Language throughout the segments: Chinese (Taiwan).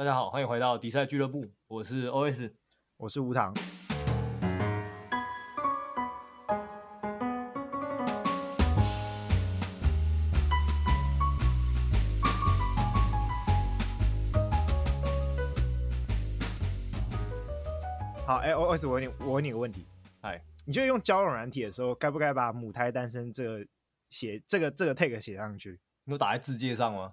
大家好，歡迎回到迪賽俱樂部。我是 OS，我是吳糖。好，哎、欸，OS，我問你，我問你個問題。哎，你覺得用交友軟體的時候，該不該把母胎單身這個寫這個這個 tag 寫上去？你都打在自介上嗎？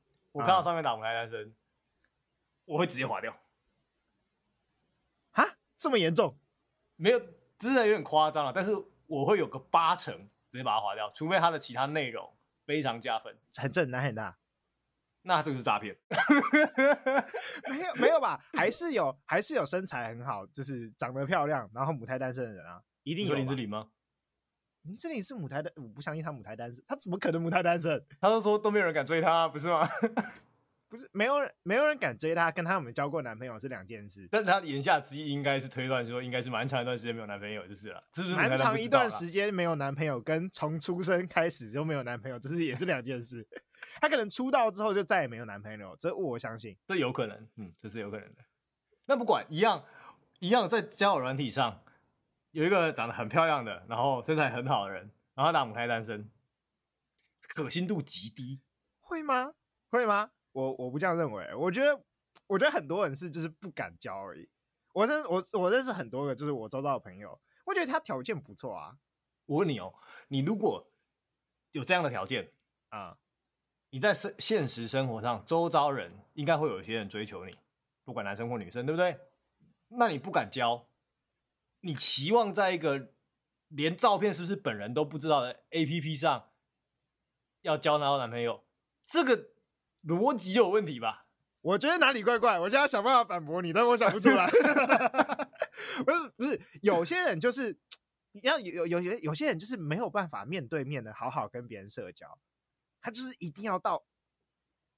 我看到上面“打母胎單身”，啊、我會直接滑掉。哈，這麼嚴重？沒有，真的有點誇張了。但是我會有個八成直接把它滑掉，除非它的其他內容非常加分，很正，難很大。那這就是詐騙？ 沒有沒有吧？還是有，還是有身材很好，就是長得漂亮，然後“母胎單身”的人啊，一定有林志玲嗎？你這裡是母胎單，我不相信她母胎單身，她怎麼可能母胎單身？她都說都沒有人敢追她，不是嗎？ 不是，沒有人，沒有人敢追她，跟她有沒有交過男朋友是兩件事。但她言下之意應該是推斷說，應該是蠻長一段時間沒有男朋友，就是了。是不是？蠻長一段時間沒有男朋友，跟從出生開始就沒有男朋友，這是也是兩件事。她 可能出道之後就再也沒有男朋友，這我相信，這有可能，嗯，這是有可能的。那不管，一樣，一樣，在交友軟體上。有一個長得很漂亮的，然後身材很好的人，然後打母胎單身，可信度極低，會嗎？會嗎？我我不這樣認為，我覺得我覺得很多人是就是不敢交而已。我認識我我認識很多個就是我周遭的朋友，我覺得他條件不錯啊。我問你哦，你如果有這樣的條件啊，嗯，你在生現實生活上，周遭人應該會有一些人追求你，不管男生或女生，對不對？那你不敢交？你期望在一個連照片是不是本人都不知道的 APP 上要交男朋友，這個邏輯有問題吧？我覺得哪裡怪怪，我現在想辦法反駁你，但我想不出來。 不是不是，有些人就是你要有有些有，有些人就是沒有辦法面對面的好好跟別人社交，他就是一定要到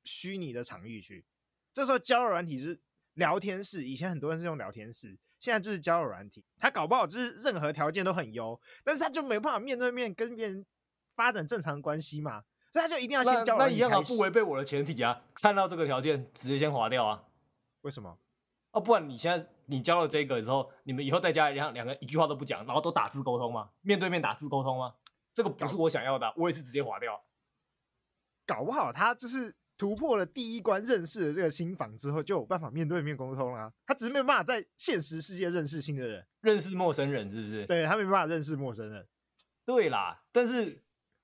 虛擬的場域去。這時候交友軟體是聊天室，以前很多人是用聊天室。現在就是交友軟體，他搞不好就是任何條件都很優，但是他就沒辦法面對面跟別人發展正常的關係嘛，所以他就一定要先交友軟體那，那一樣不違背我的前提啊？看到這個條件直接先劃掉啊？為什麼？哦、啊，不然你現在你交了這個之後，你們以後在家兩兩個一句話都不講，然後都打字溝通嗎？面對面打字溝通嗎？這個不是我想要的、啊，我也是直接劃掉。搞不好他就是。突破了第一關，認識了這個新房之後，就有辦法面對面溝通啦、啊。他只是沒有辦法在現實世界認識新的人，認識陌生人是不是？對，他沒辦法認識陌生人，對啦。但是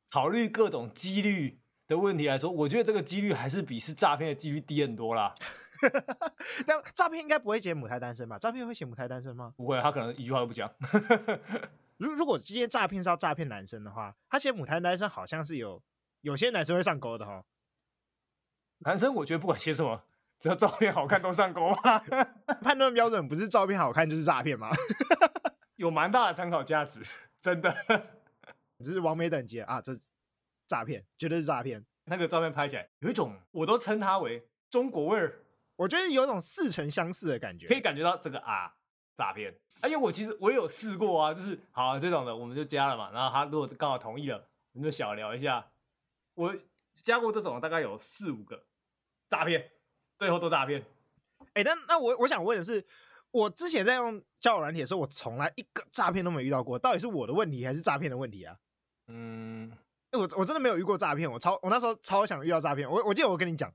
考慮各種幾率的問題來說，我覺得這個幾率還是比是詐騙的幾率低很多啦。 但詐騙應該不會寫母胎單身吧？詐騙會寫母胎單身嗎？不會，他可能一句話都不講。如 如果這些詐騙是要詐騙男生的話，他寫母胎單身好像是有有些男生會上鈎的哈。男生，我覺得不管寫什麼，只要照片好看都上鈎啊！ 判斷標準不是照片好看就是詐騙嗎？ 有蠻大的參考價值，真的。這 是完美等級啊！這是詐騙，絕對是詐騙。那個照片拍起來有一種，我都稱它為中國味兒。我覺得有一種似曾相似的感覺，可以感覺到這個啊，詐騙。而、啊、且我其實我有試過啊，就是好、啊、這種的，我們就加了嘛。然後他如果剛好同意了，我們就小聊一下。我。加過這種大概有四五個，詐騙，最後都詐騙。哎、欸，那那我我想問的是，我之前在用交友軟體的時候，我從來一個詐騙都沒遇到過。到底是我的問題還是詐騙的問題啊？嗯，欸、我我真的沒有遇過詐騙，我超我那時候超想遇到詐騙。我我記得我跟你講，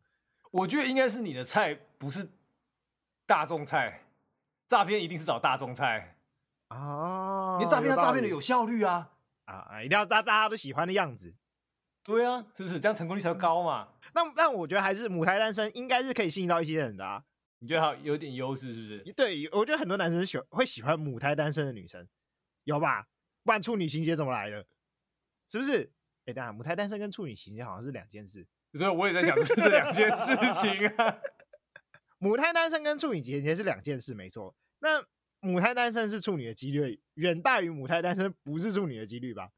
我覺得應該是你的菜，不是大眾菜。詐騙一定是找大眾菜啊！你詐騙要詐騙的有效率啊！啊啊，一定要大大家都喜歡的樣子。對啊，是不是這樣成功率才會高嘛？那那我覺得還是母胎單身應該是可以吸引到一些人的啊。你覺得他有點優勢是不是？對，我覺得很多男生是喜歡會喜歡母胎單身的女生，有吧？不然處女情節怎麼來的？是不是？哎、欸，當然母胎單身跟處女情節好像是兩件事。所以我也在想是這兩件事情啊。母胎單身跟處女情節是兩件，件、啊、 件事，沒錯。那母胎單身是處女的幾率遠大於母胎單身不是處女的幾率吧？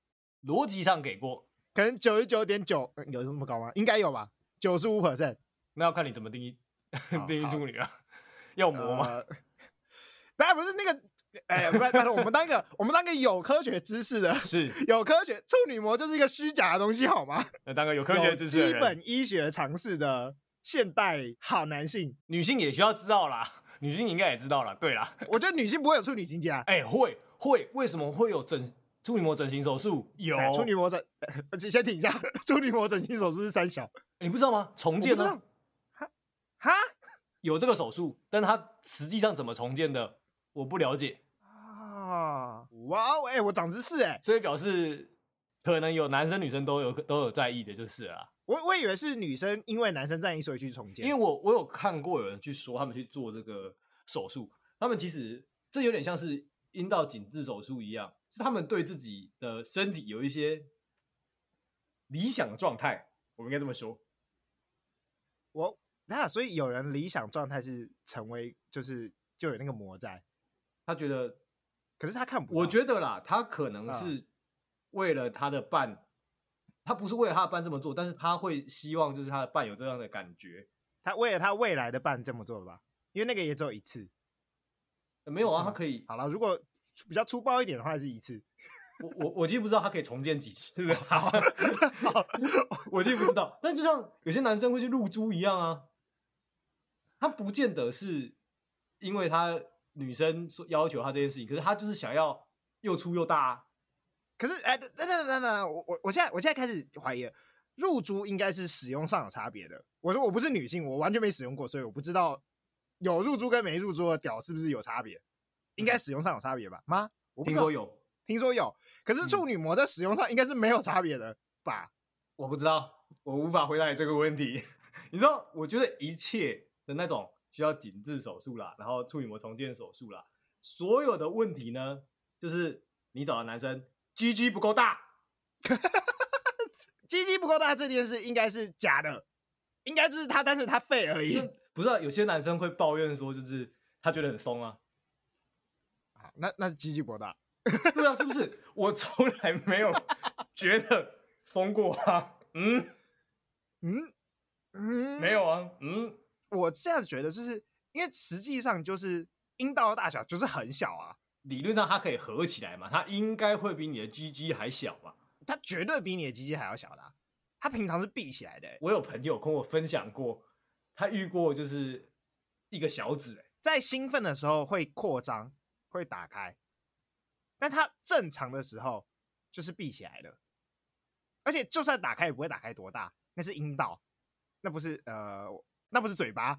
邏輯上給過。可能九十九點九有這麼高嗎？應該有吧，九十五 percent。那要看你怎麼定義定義處女啊，要膜嗎？大、呃、家不是那個，哎、欸、呀， 不是，我們當一個， 我們當一個有科學知識的是有科學處女膜就是一個虛假的東西，好嗎？那當一個有科學知識、基本醫學常識的現代好男性，女性也需要知道啦。女性應該也知道啦，對啦。 我覺得女性不會有處女情結。哎、欸，會會，為什麼會有真？處女膜整形手術有、欸、處女膜整，你先停一下，處女膜整形手術是三小、欸，你不知道嗎？重建呢？哈？有這個手術，但它實際上怎麼重建的，我不了解啊！哇，欸、我長知識誒！所以表示可能有男生女生都有都有在意的，就是啊，我我以為是女生，因為男生在意所以去重建，因為我我有看過有人去說他們去做這個手術，他們其實這有點像是陰道緊致手術一樣。他們對自己的身體有一些理想的狀態，我應該這麼說。我那所以有人理想狀態是成為就是就有那個魔在，他覺得，可是他看不。我覺得啦，他可能是為了他的伴、哦，他不是為了他的伴這麼做，但是他會希望就是他的伴有這樣的感覺，他為了他未來的伴這麼做吧，因為那個也只有一次。沒有啊，他可以。好啦，如果。比較粗暴一點的話是一次， 我我我其實不知道他可以重建幾次，對不對？我其實不知道。但就像有些男生會去入珠一樣啊，他不見得是，因為他女生說要求他這件事情，可是他就是想要又粗又大，啊。可是哎，欸，等等等等，我我我現在我現在開始懷疑了，入珠應該是使用上有差別的。我說我不是女性，我完全沒使用過，所以我不知道有入珠跟沒入珠的屌是不是有差別。應該使用上有差別吧？嗯嗯嗎，我不知道？聽說有，聽說有。可是處女膜在使用上應該是沒有差別的吧？嗯、我不知道，我無法回答你這個問題。 你知道，我覺得一切的那種需要緊緻手術啦，然後處女膜重建手術啦，所有的問題呢，就是你找的男生 G G 不夠大，G G 不夠大這件事應該是假的，應該就是他單純他廢而已。不知道、啊、有些男生會抱怨說，就是他覺得很鬆啊。那那是雞雞博大，不知 道是不是？我從來沒有覺得瘋過啊，嗯嗯嗯，沒有啊，嗯，我這樣覺得，就是因為實際上就是陰道的大小就是很小啊，理論上它可以合起來嘛，它應該會比你的雞雞還小吧？它絕對比你的雞雞還要小的、啊，它平常是閉起來的、欸。我有朋友跟我分享過，他遇過就是一個小子、欸，在興奮的時候會擴張。會打開，但它正常的時候就是閉起來的，而且就算打開也不會打開多大，那是陰道，那不是呃，那不是嘴巴。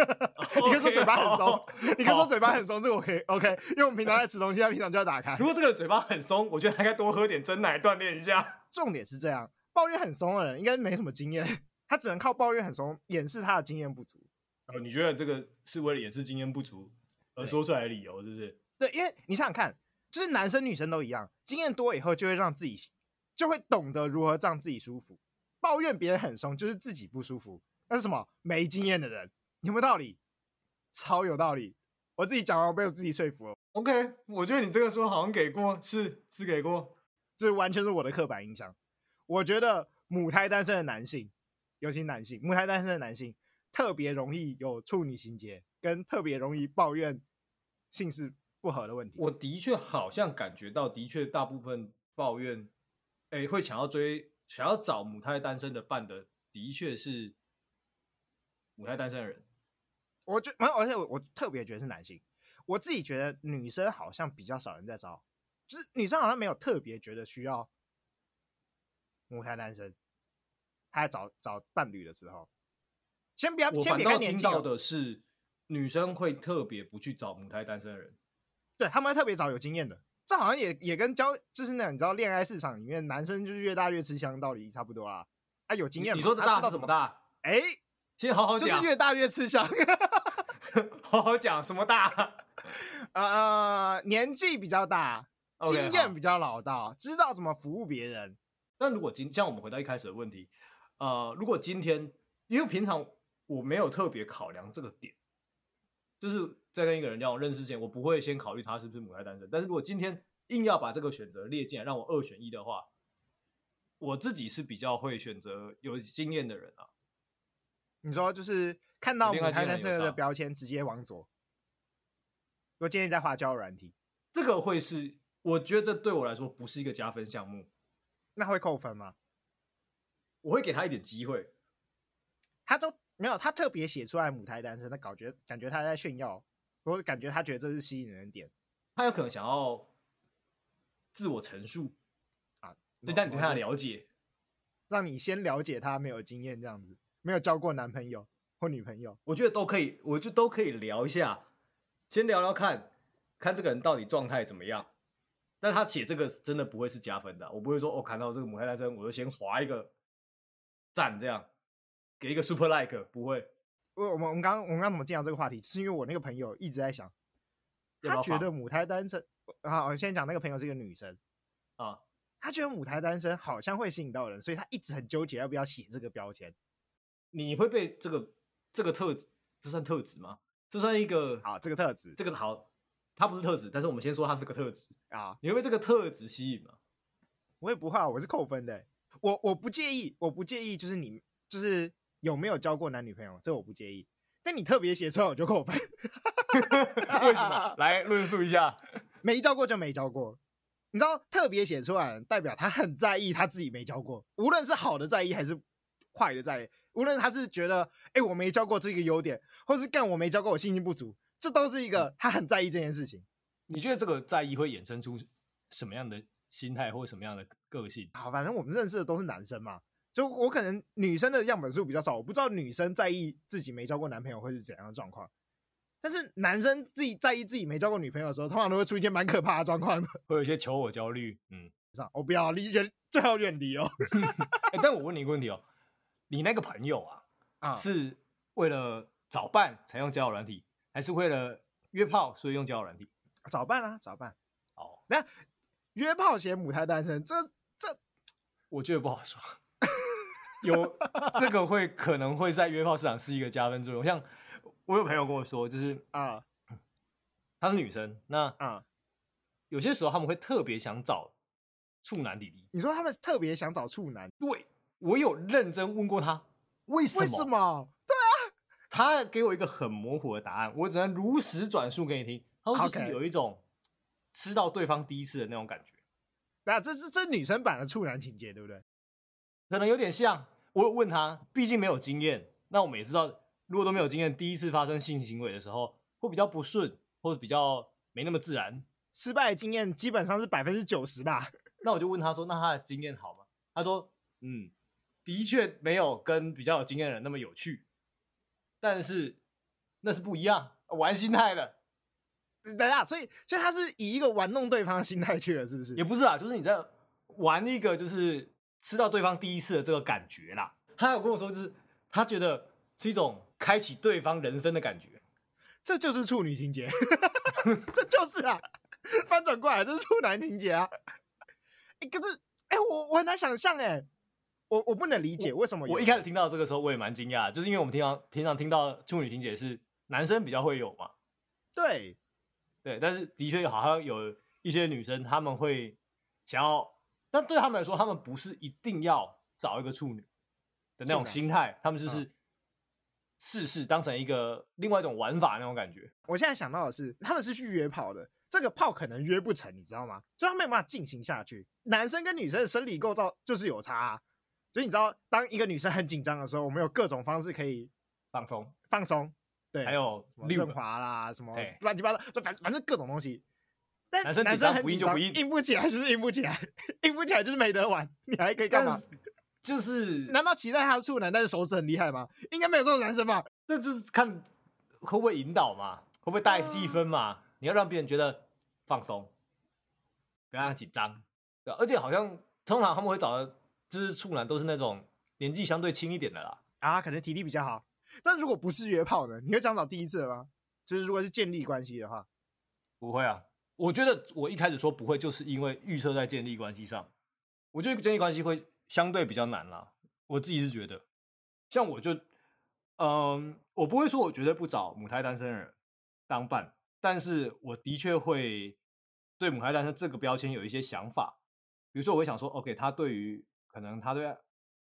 你可以說嘴巴很鬆，oh, okay. oh, oh. 你可以說嘴巴很鬆，這個可以 OK，因為我們平常在吃東西， 他平常就要打開。如果這個嘴巴很鬆，我覺得他應該多喝點珍奶鍛鍊一下。 重點是這樣，抱怨很鬆的人應該沒什麼經驗，他只能靠抱怨很鬆掩飾他的經驗不足。哦，你覺得這個是為了掩飾經驗不足而說出來的理由是不是？對，因為你想想看，就是男生女生都一樣，經驗多以後就會讓自己就會懂得如何讓自己舒服，抱怨別人很鬆，就是自己不舒服，那是什麼？沒經驗的人，有沒有道理？超有道理！我自己講完，我被我自己說服了。OK，我覺得你這個說好像給過，是是給過，這完全是我的刻板印象。我覺得母胎單身的男性，尤其男性，母胎單身的男性特別容易有處女情結，跟特別容易抱怨性事。不好的問題，我的確好像感覺到，的確大部分抱怨，誒、欸，會想要追，想要找母胎單身的伴的，的確是母胎單身的人。我覺沒有，而且我我，我特別覺得是男性，我自己覺得女生好像比較少人在找，就是女生好像沒有特別覺得需要母胎單身，她在找找伴侶的時候，先不要，我反倒聽到的是、嗯、女生會特別不去找母胎單身的人。對，他們還特別找有經驗的，這好像也也跟交，就是那你知道戀愛市場裡面男生就是越大越吃香道理差不多啊。啊，有經驗你，你說的大知道怎麼大？哎，其實好好講，就是越大越吃香。 好好講什麼大？啊、呃，年紀比較大，經驗比較老道，okay，知道怎麼服務別人。那如果今像我們回到一開始的問題，呃，如果今天因為平常我沒有特別考量這個點。就是在跟一個人交往認識之前，我不會先考慮他是不是母胎單身。但是如果今天硬要把這個選擇列進來，讓我二選一的話，我自己是比較會選擇有經驗的人啊。你說，就是看到母胎單身的標籤直接往左。嗯、我建議在滑交友軟體，這個會是我覺得對我來說不是一個加分項目。那會扣分嗎？我會給他一點機會。他都。沒有，他特別寫出來“母胎單身”，他感覺感覺他在炫耀，我感覺他覺得這是吸引人的點。他有可能想要自我陳述啊，增加你對他的了解，讓你先了解他沒有經驗這樣子，沒有交過男朋友或女朋友，我覺得都可以，我就都可以聊一下，先聊聊看看這個人到底狀態怎麼樣。但他寫這個真的不會是加分的，我不會說哦，看到這個“母胎單身”，我就先滑一個讚這樣。給一個 super like 不會，我我們我們剛我們剛，剛怎麼進到這個話題？就是因為我那個朋友一直在想，要要他覺得母胎單身。啊，我先講那個朋友是一個女生啊，她覺得母胎單身好像會吸引到人，所以她一直很糾結要不要寫這個標籤。你會被這個這個特質，這算特質嗎？這算一個好、啊、這個特質，這個好，他不是特質，但是我們先說他是個特質啊。你會被這個特質吸引嗎？我也不會，我是扣分的，我我不介意，我不介意就，就是你就是。有沒有交過男女朋友？這我不介意，但你特別寫出來我就扣分。 為什麼？來論述一下，沒交過就沒交過。你知道特別寫出來，代表他很在意他自己沒交過。無論是好的在意還是壞的在意，無論他是覺得哎、欸、我沒交過這一個優點，或是幹我沒交過我信心不足，這都是一個他很在意這件事情。你覺得這個在意會衍生出什麼樣的心態或什麼樣的個性？好，反正我們認識的都是男生嘛。就我可能女生的樣本數比較少，我不知道女生在意自己沒交過男朋友會是怎樣的狀況。但是男生自己在意自己沒交過女朋友的時候，通常都會出一件蠻可怕的狀況的，會有一些求偶焦慮。嗯，上我不要離人最好遠離哦。但我問你一個問題哦、喔，你那個朋友啊，啊、嗯、是為了找伴才用交友軟體，還是為了約炮所以用交友軟體？找伴啊，找伴。哦，那約炮嫌母胎單身，這這，我覺得不好說。 有這個會可能會在約炮市場是一個加分作用。像我有朋友跟我說，就是啊，她是女生，那啊，有些時候他們會特別想找處男弟弟。你說他們特別想找處男？對，我有認真問過他，為什麼？為什麼？對啊，他給我一個很模糊的答案，我只能如實轉述給你聽。他是有一種吃到對方第一次的那種感覺。那這是這女生版的處男情結，對不對？可能有點像。我問他，畢竟沒有經驗，那我們也知道，如果都沒有經驗，第一次發生性行為的時候會比較不順，或者比較沒那麼自然。失敗的經驗基本上是百分之九十吧。那我就問他說：“那他的經驗好嗎？”他說：“嗯，的確沒有跟比較有經驗的人那麼有趣，但是那是不一樣，玩心態的，等一下。所以，所以他是以一個玩弄對方的心態去了，是不是？也不是啊，就是你在玩一個就是。”吃到對方第一次的這個感覺啦，他有跟我說，就是他覺得是一種開啟對方人生的感覺，這就是處女情結， 這就是啊， 翻轉過來，這是處男情結啊、 欸。可是哎，欸，我我很難想象哎，我我不能理解為什麼我。我一開始聽到這個時候，我也蠻驚訝，就是因為我們平常平常聽到處女情結是男生比較會有嘛，對對，但是的確好像有一些女生他們會想要。但對他們來說，他們不是一定要找一個處女的那種心態，他們就是事事當成一個另外一種玩法那種感覺。我現在想到的是，他們是去約炮的，這個炮可能約不成，你知道嗎？所以他沒有辦法進行下去。男生跟女生的生理構造就是有差，啊，所以你知道，當一個女生很緊張的時候，我們有各種方式可以放鬆，放鬆。對，還有潤滑啦，什麼亂七八糟，反反正各種東西。男生男生很不硬就不硬硬不起來就是硬不起來，硬不起來就是沒得玩，你還可以幹嘛？就是難道期待他處男但是手指很厲害嗎？應該沒有這種男生吧？這、啊、就是看會不會引導嘛，會不會帶積分嘛、嗯？你要讓別人覺得放鬆，不要緊張、嗯。對，而且好像通常他們會找的就是處男都是那種年紀相對輕一點的啦。啊，可能體力比較好。但如果不是約炮的，你會想找第一次的嗎？就是如果是建立關係的話，不會啊。我覺得我一開始說不會，就是因為預設在建立關係上，我覺得建立關係會相對比較難啦。我自己是覺得，像我就，嗯，我不會說我絕對不找母胎單身人當伴，但是我的確會對母胎單身這個標籤有一些想法。比如說，我會想說，OK，他對於可能他對、啊、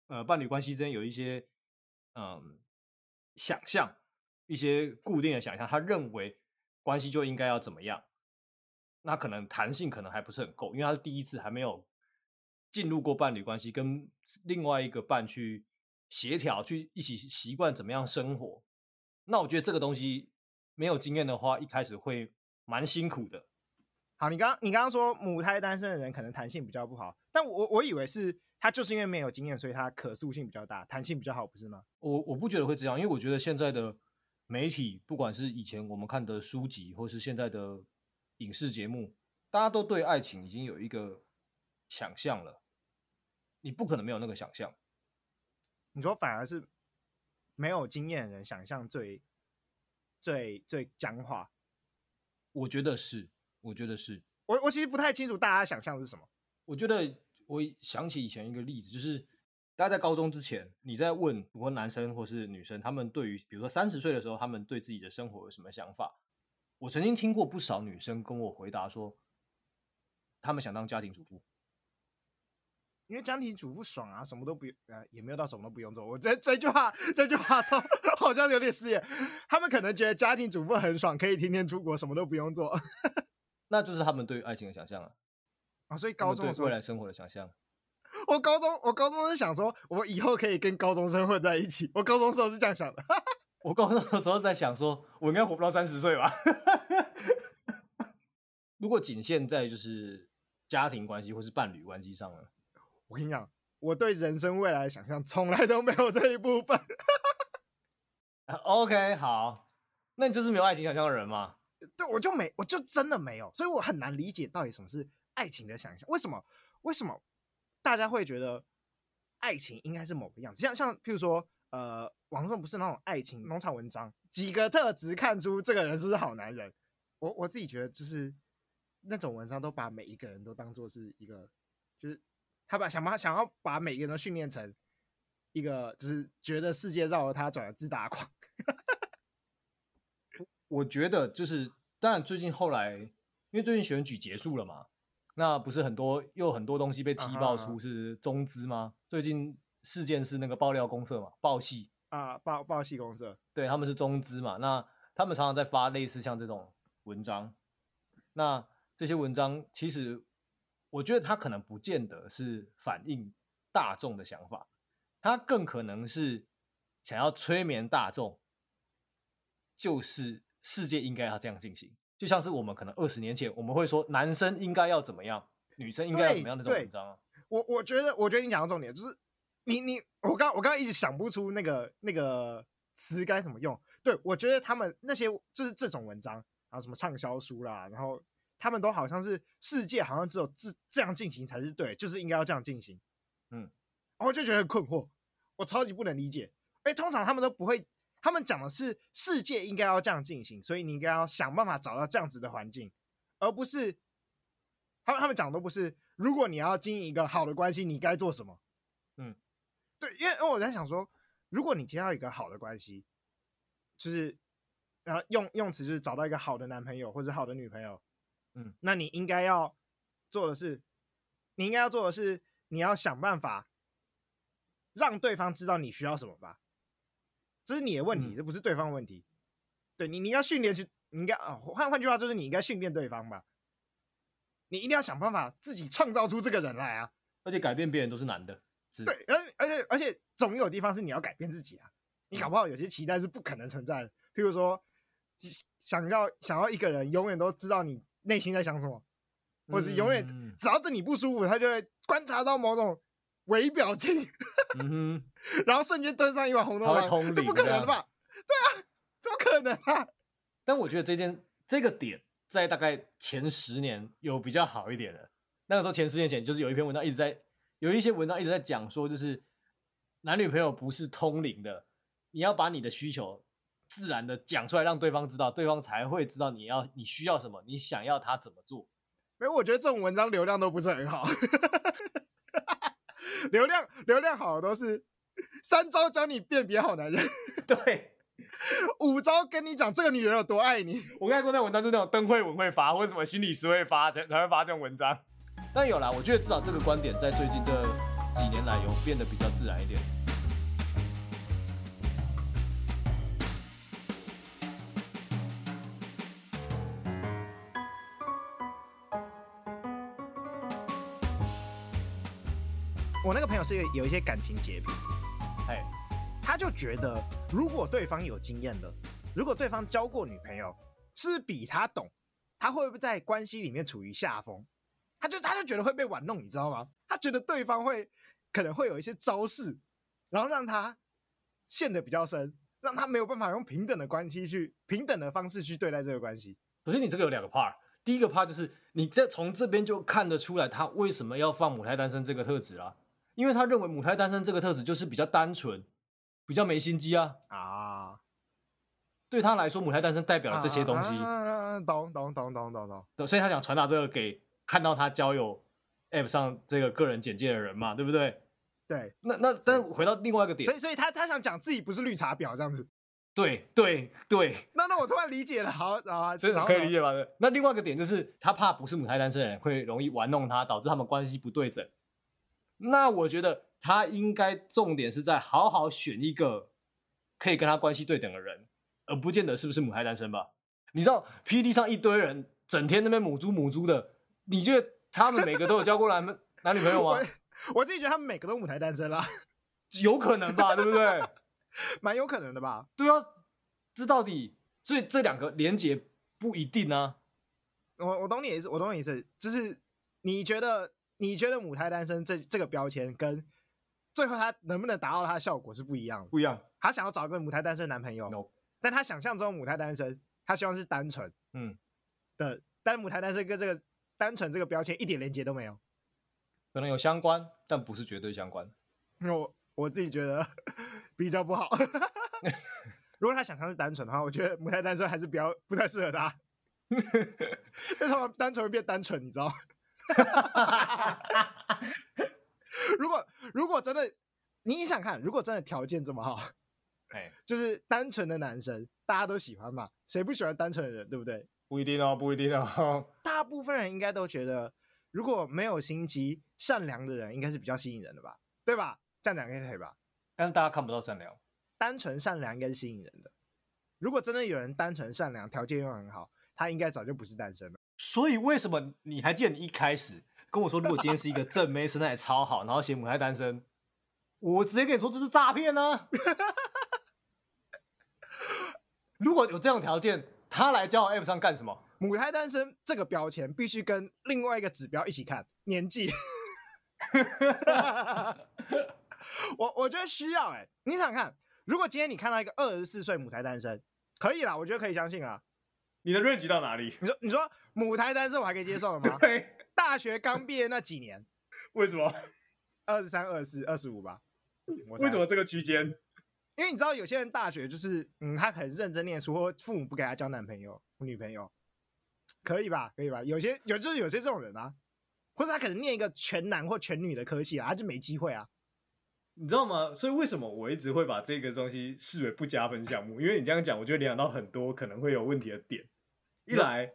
呃伴侶關係之間有一些嗯想象，一些固定的想象，他認為關係就應該要怎麼樣。那可能彈性可能還不是很夠，因為他是第一次還沒有進入過伴侶關係，跟另外一個伴去協調去一起習慣怎麼樣生活。那我覺得這個東西沒有經驗的話，一開始會蠻辛苦的。好，你剛你剛剛說母胎單身的人可能彈性比較不好，但我我以為是他就是因為沒有經驗，所以他可塑性比較大，彈性比較好，不是嗎？我我不覺得會這樣，因為我覺得現在的媒體，不管是以前我們看的書籍，或是現在的。影視節目，大家都對愛情已經有一個想象了，你不可能沒有那個想象你說反而是沒有經驗的人想象最最最僵化？我覺得是，我覺得是。我我其實不太清楚大家想象是什麼。我覺得我想起以前一個例子，就是大家在高中之前，你在問我男生或是女生，他們對於比如說三十歲的時候，他們對自己的生活有什麼想法？我曾經聽過不少女生跟我回答說，他們想當家庭主婦，因為家庭主婦爽啊，什麼都不用，呃，也沒有到什麼都不用做。我這這句話，這句話說好像有點失言。他們可能覺得家庭主婦很爽，可以天天出國，什麼都不用做。 那就是他們對於愛情的想象啊，啊，所以高中對未來生活的想象。我高中，我高中是想說，我以後可以跟高中生混在一起。我高中時候是這樣想的。 我高中的時候在想說，我應該活不到三十歲吧。 如果僅限在就是家庭關係或是伴侶關係上呢？我跟你講，我對人生未來的想象從來都沒有這一部分。 uh, OK，好，那你就是沒有愛情想象的人嗎？對，我就沒，我就真的沒有，所以我很難理解到底什麼是愛情的想象。為什麼？為什麼大家會覺得愛情應該是某個樣子？像像譬如說。呃，網上不是那種愛情農場文章，幾個特質看出這個人是不是好男人？我我自己覺得就是那種文章都把每一個人都當做是一個，就是他把想把想要把每一個人都訓練成一個，就是覺得世界繞着他轉的自大狂。 我覺得就是，當然最近後來，因爲最近選舉結束了嘛，那不是很多又很多東西被踢爆出是中資嗎？Uh -huh. 最近。事件是那個爆料公社嘛？爆戲，啊，爆爆戲公社，對，他們是中資嘛。那他們常常在發類似像這種文章。那這些文章，其實我覺得他可能不見得是反映大眾的想法，他更可能是想要催眠大眾，就是世界應該要這樣進行。就像是我們可能二十年前，我們會說男生應該要怎麼樣，女生應該要怎麼樣那種文章啊。我我覺得，我覺得你講的重點就是。你你我剛我剛一直想不出那個那個詞該怎麼用。對我覺得他們那些就是這種文章，然後什麼暢銷書啦，然後他們都好像是世界好像只有這這樣進行才是對，就是應該要這樣進行，嗯，然、oh, 後就覺得很困惑，我超級不能理解。哎、欸，通常他們都不會，他們講的是世界應該要這樣進行，所以你應該要想辦法找到這樣子的環境，而不是他們他們講的都不是，如果你要經營一個好的關係，你該做什麼？嗯。對，因為我在想說，如果你接到一個好的關係，就是，然後用用詞就是找到一個好的男朋友或者好的女朋友，嗯，那你應該要做的是，你應該要做的是，你要想辦法讓對方知道你需要什麼吧，這是你的問題，嗯、這不是對方的問題。對你，你要訓練去，你應該啊、哦，換換句話就是你應該訓練對方吧，你一定要想辦法自己創造出這個人來啊，而且改變別人都是難的。是對，而且而且而且，總有地方是你要改變自己啊。你搞不好有些期待是不可能存在的。譬如說，想要想要一個人永遠都知道你內心在想什麼，或是永遠、嗯、只要對你不舒服，他就會觀察到某種微表情，嗯、哼 然後瞬間登上一碗紅豆湯，這不可能吧這？對啊，怎麼可能、啊？但我覺得這件這個點在大概前十年有比較好一點的。那個時候前十年前，就是有一篇文章一直在。有一些文章一直在講說，就是男女朋友不是通靈的，你要把你的需求自然的講出來，讓對方知道，對方才會知道你要你需要什麼，你想要他怎麼做。沒有，我覺得這種文章流量都不是很好， 流量流量好都是三招教你辨別好男人，對，五招跟你講這個女人有多愛你。我剛才說，那文章是那種燈會文會發，或者什麼心理師會發才才會發這種文章。但有啦，我覺得至少這個觀點在最近這幾年來有變得比較自然一點。我那個朋友是有一些感情潔癖，哎，他就覺得如果對方有經驗的，如果對方交過女朋友，是比他懂，他會不會在關係裡面處於下風？他就他就覺得會被玩弄，你知道嗎？他覺得對方會可能會有一些招式，然後讓他陷得比較深，讓他沒有辦法用平等的關係去平等的方式去對待這個關係。首先，你這個有兩個 part，第一個 part 就是你這從這邊就看得出來他為什麼要放“母胎單身”這個特質啊，因為他認為“母胎單身”這個特質就是比較單純、比較沒心機啊啊！對他來說，“母胎單身”代表了這些東西，嗯嗯嗯，懂懂懂懂懂懂。所以他想傳達這個給看到他交友 app 上這個個人簡介的人嘛，對不對？對，那那但是回到另外一個點，所以所以他他想講自己不是綠茶婊這樣子。對對對，對 那那我突然理解了，好，好，好可以理解吧？那另外一個點就是他怕不是母胎單身的人會容易玩弄他，導致他們關係不對等。那我覺得他應該重點是在好好選一個可以跟他關係對等的人，而不見得是不是母胎單身吧？你知道 PD 上一堆人整天那邊母豬母豬的。你覺得他們每個都有交過男男 男女朋友嗎？我我自己覺得他們每個都母胎單身了， 有可能吧，對不對？蠻 有可能的吧。對啊，這到底，所以這兩個連接不一定啊。我我懂你意思，我懂你意思，就是你覺得你覺得母胎單身這這個標籤跟最後他能不能達到他的效果是不一樣不一樣。他想要找一個母胎單身男朋友，No. 但他想象中的母胎單身，他希望是單純嗯的，但母胎單身跟這個。單純這個標籤一點連接都沒有，可能有相關，但不是絕對相關。因為我我自己覺得比較不好。 如果他想像是單純的話，我覺得母胎單身還是比較不太適合他。 為什麼單純會變單純？你知道嗎？ 如果如果真的你想看，如果真的條件這麼好，哎、欸，就是單純的男生，大家都喜歡嘛，誰不喜歡單純的人？對不對？不一定哦，不一定哦。大部分人應該都覺得，如果沒有心機，善良的人應該是比較吸引人的吧？對吧？這樣講可以吧？但是大家看不到善良，單純善良應該是吸引人的。如果真的有人單純善良，條件又很好，他應該早就不是單身了。所以為什麼你還記得你一開始跟我說，如果今天是一個正妹，身材超好，然後寫母胎單身，我直接跟你說這是詐騙呢？如果有這樣的條件。他來交友 App 上幹什麼？母胎單身這個標籤必須跟另外一個指標一起看，年紀。 我我覺得需要哎、欸，你想，想看？如果今天你看到一個二十四歲母胎單身，可以啦，我覺得可以相信啊。你的 range 到哪裡？你說你說母胎單身我還可以接受了嗎？對，大學剛畢業那幾年。 為什麼？二十三、二十四、二十五吧？為什麼這個區間？因為你知道有些人大學就是嗯，他很認真念書，或父母不給他交男朋友、女朋友，可以吧？可以吧？有些有就是有些這種人啊，或者他可能念一個全男或全女的科系啊，他就沒機會啊。你知道嗎？所以為什麼我一直會把這個東西視為不加分項目？因為你這樣講，我就聯想到很多可能會有問題的點。一來，嗯、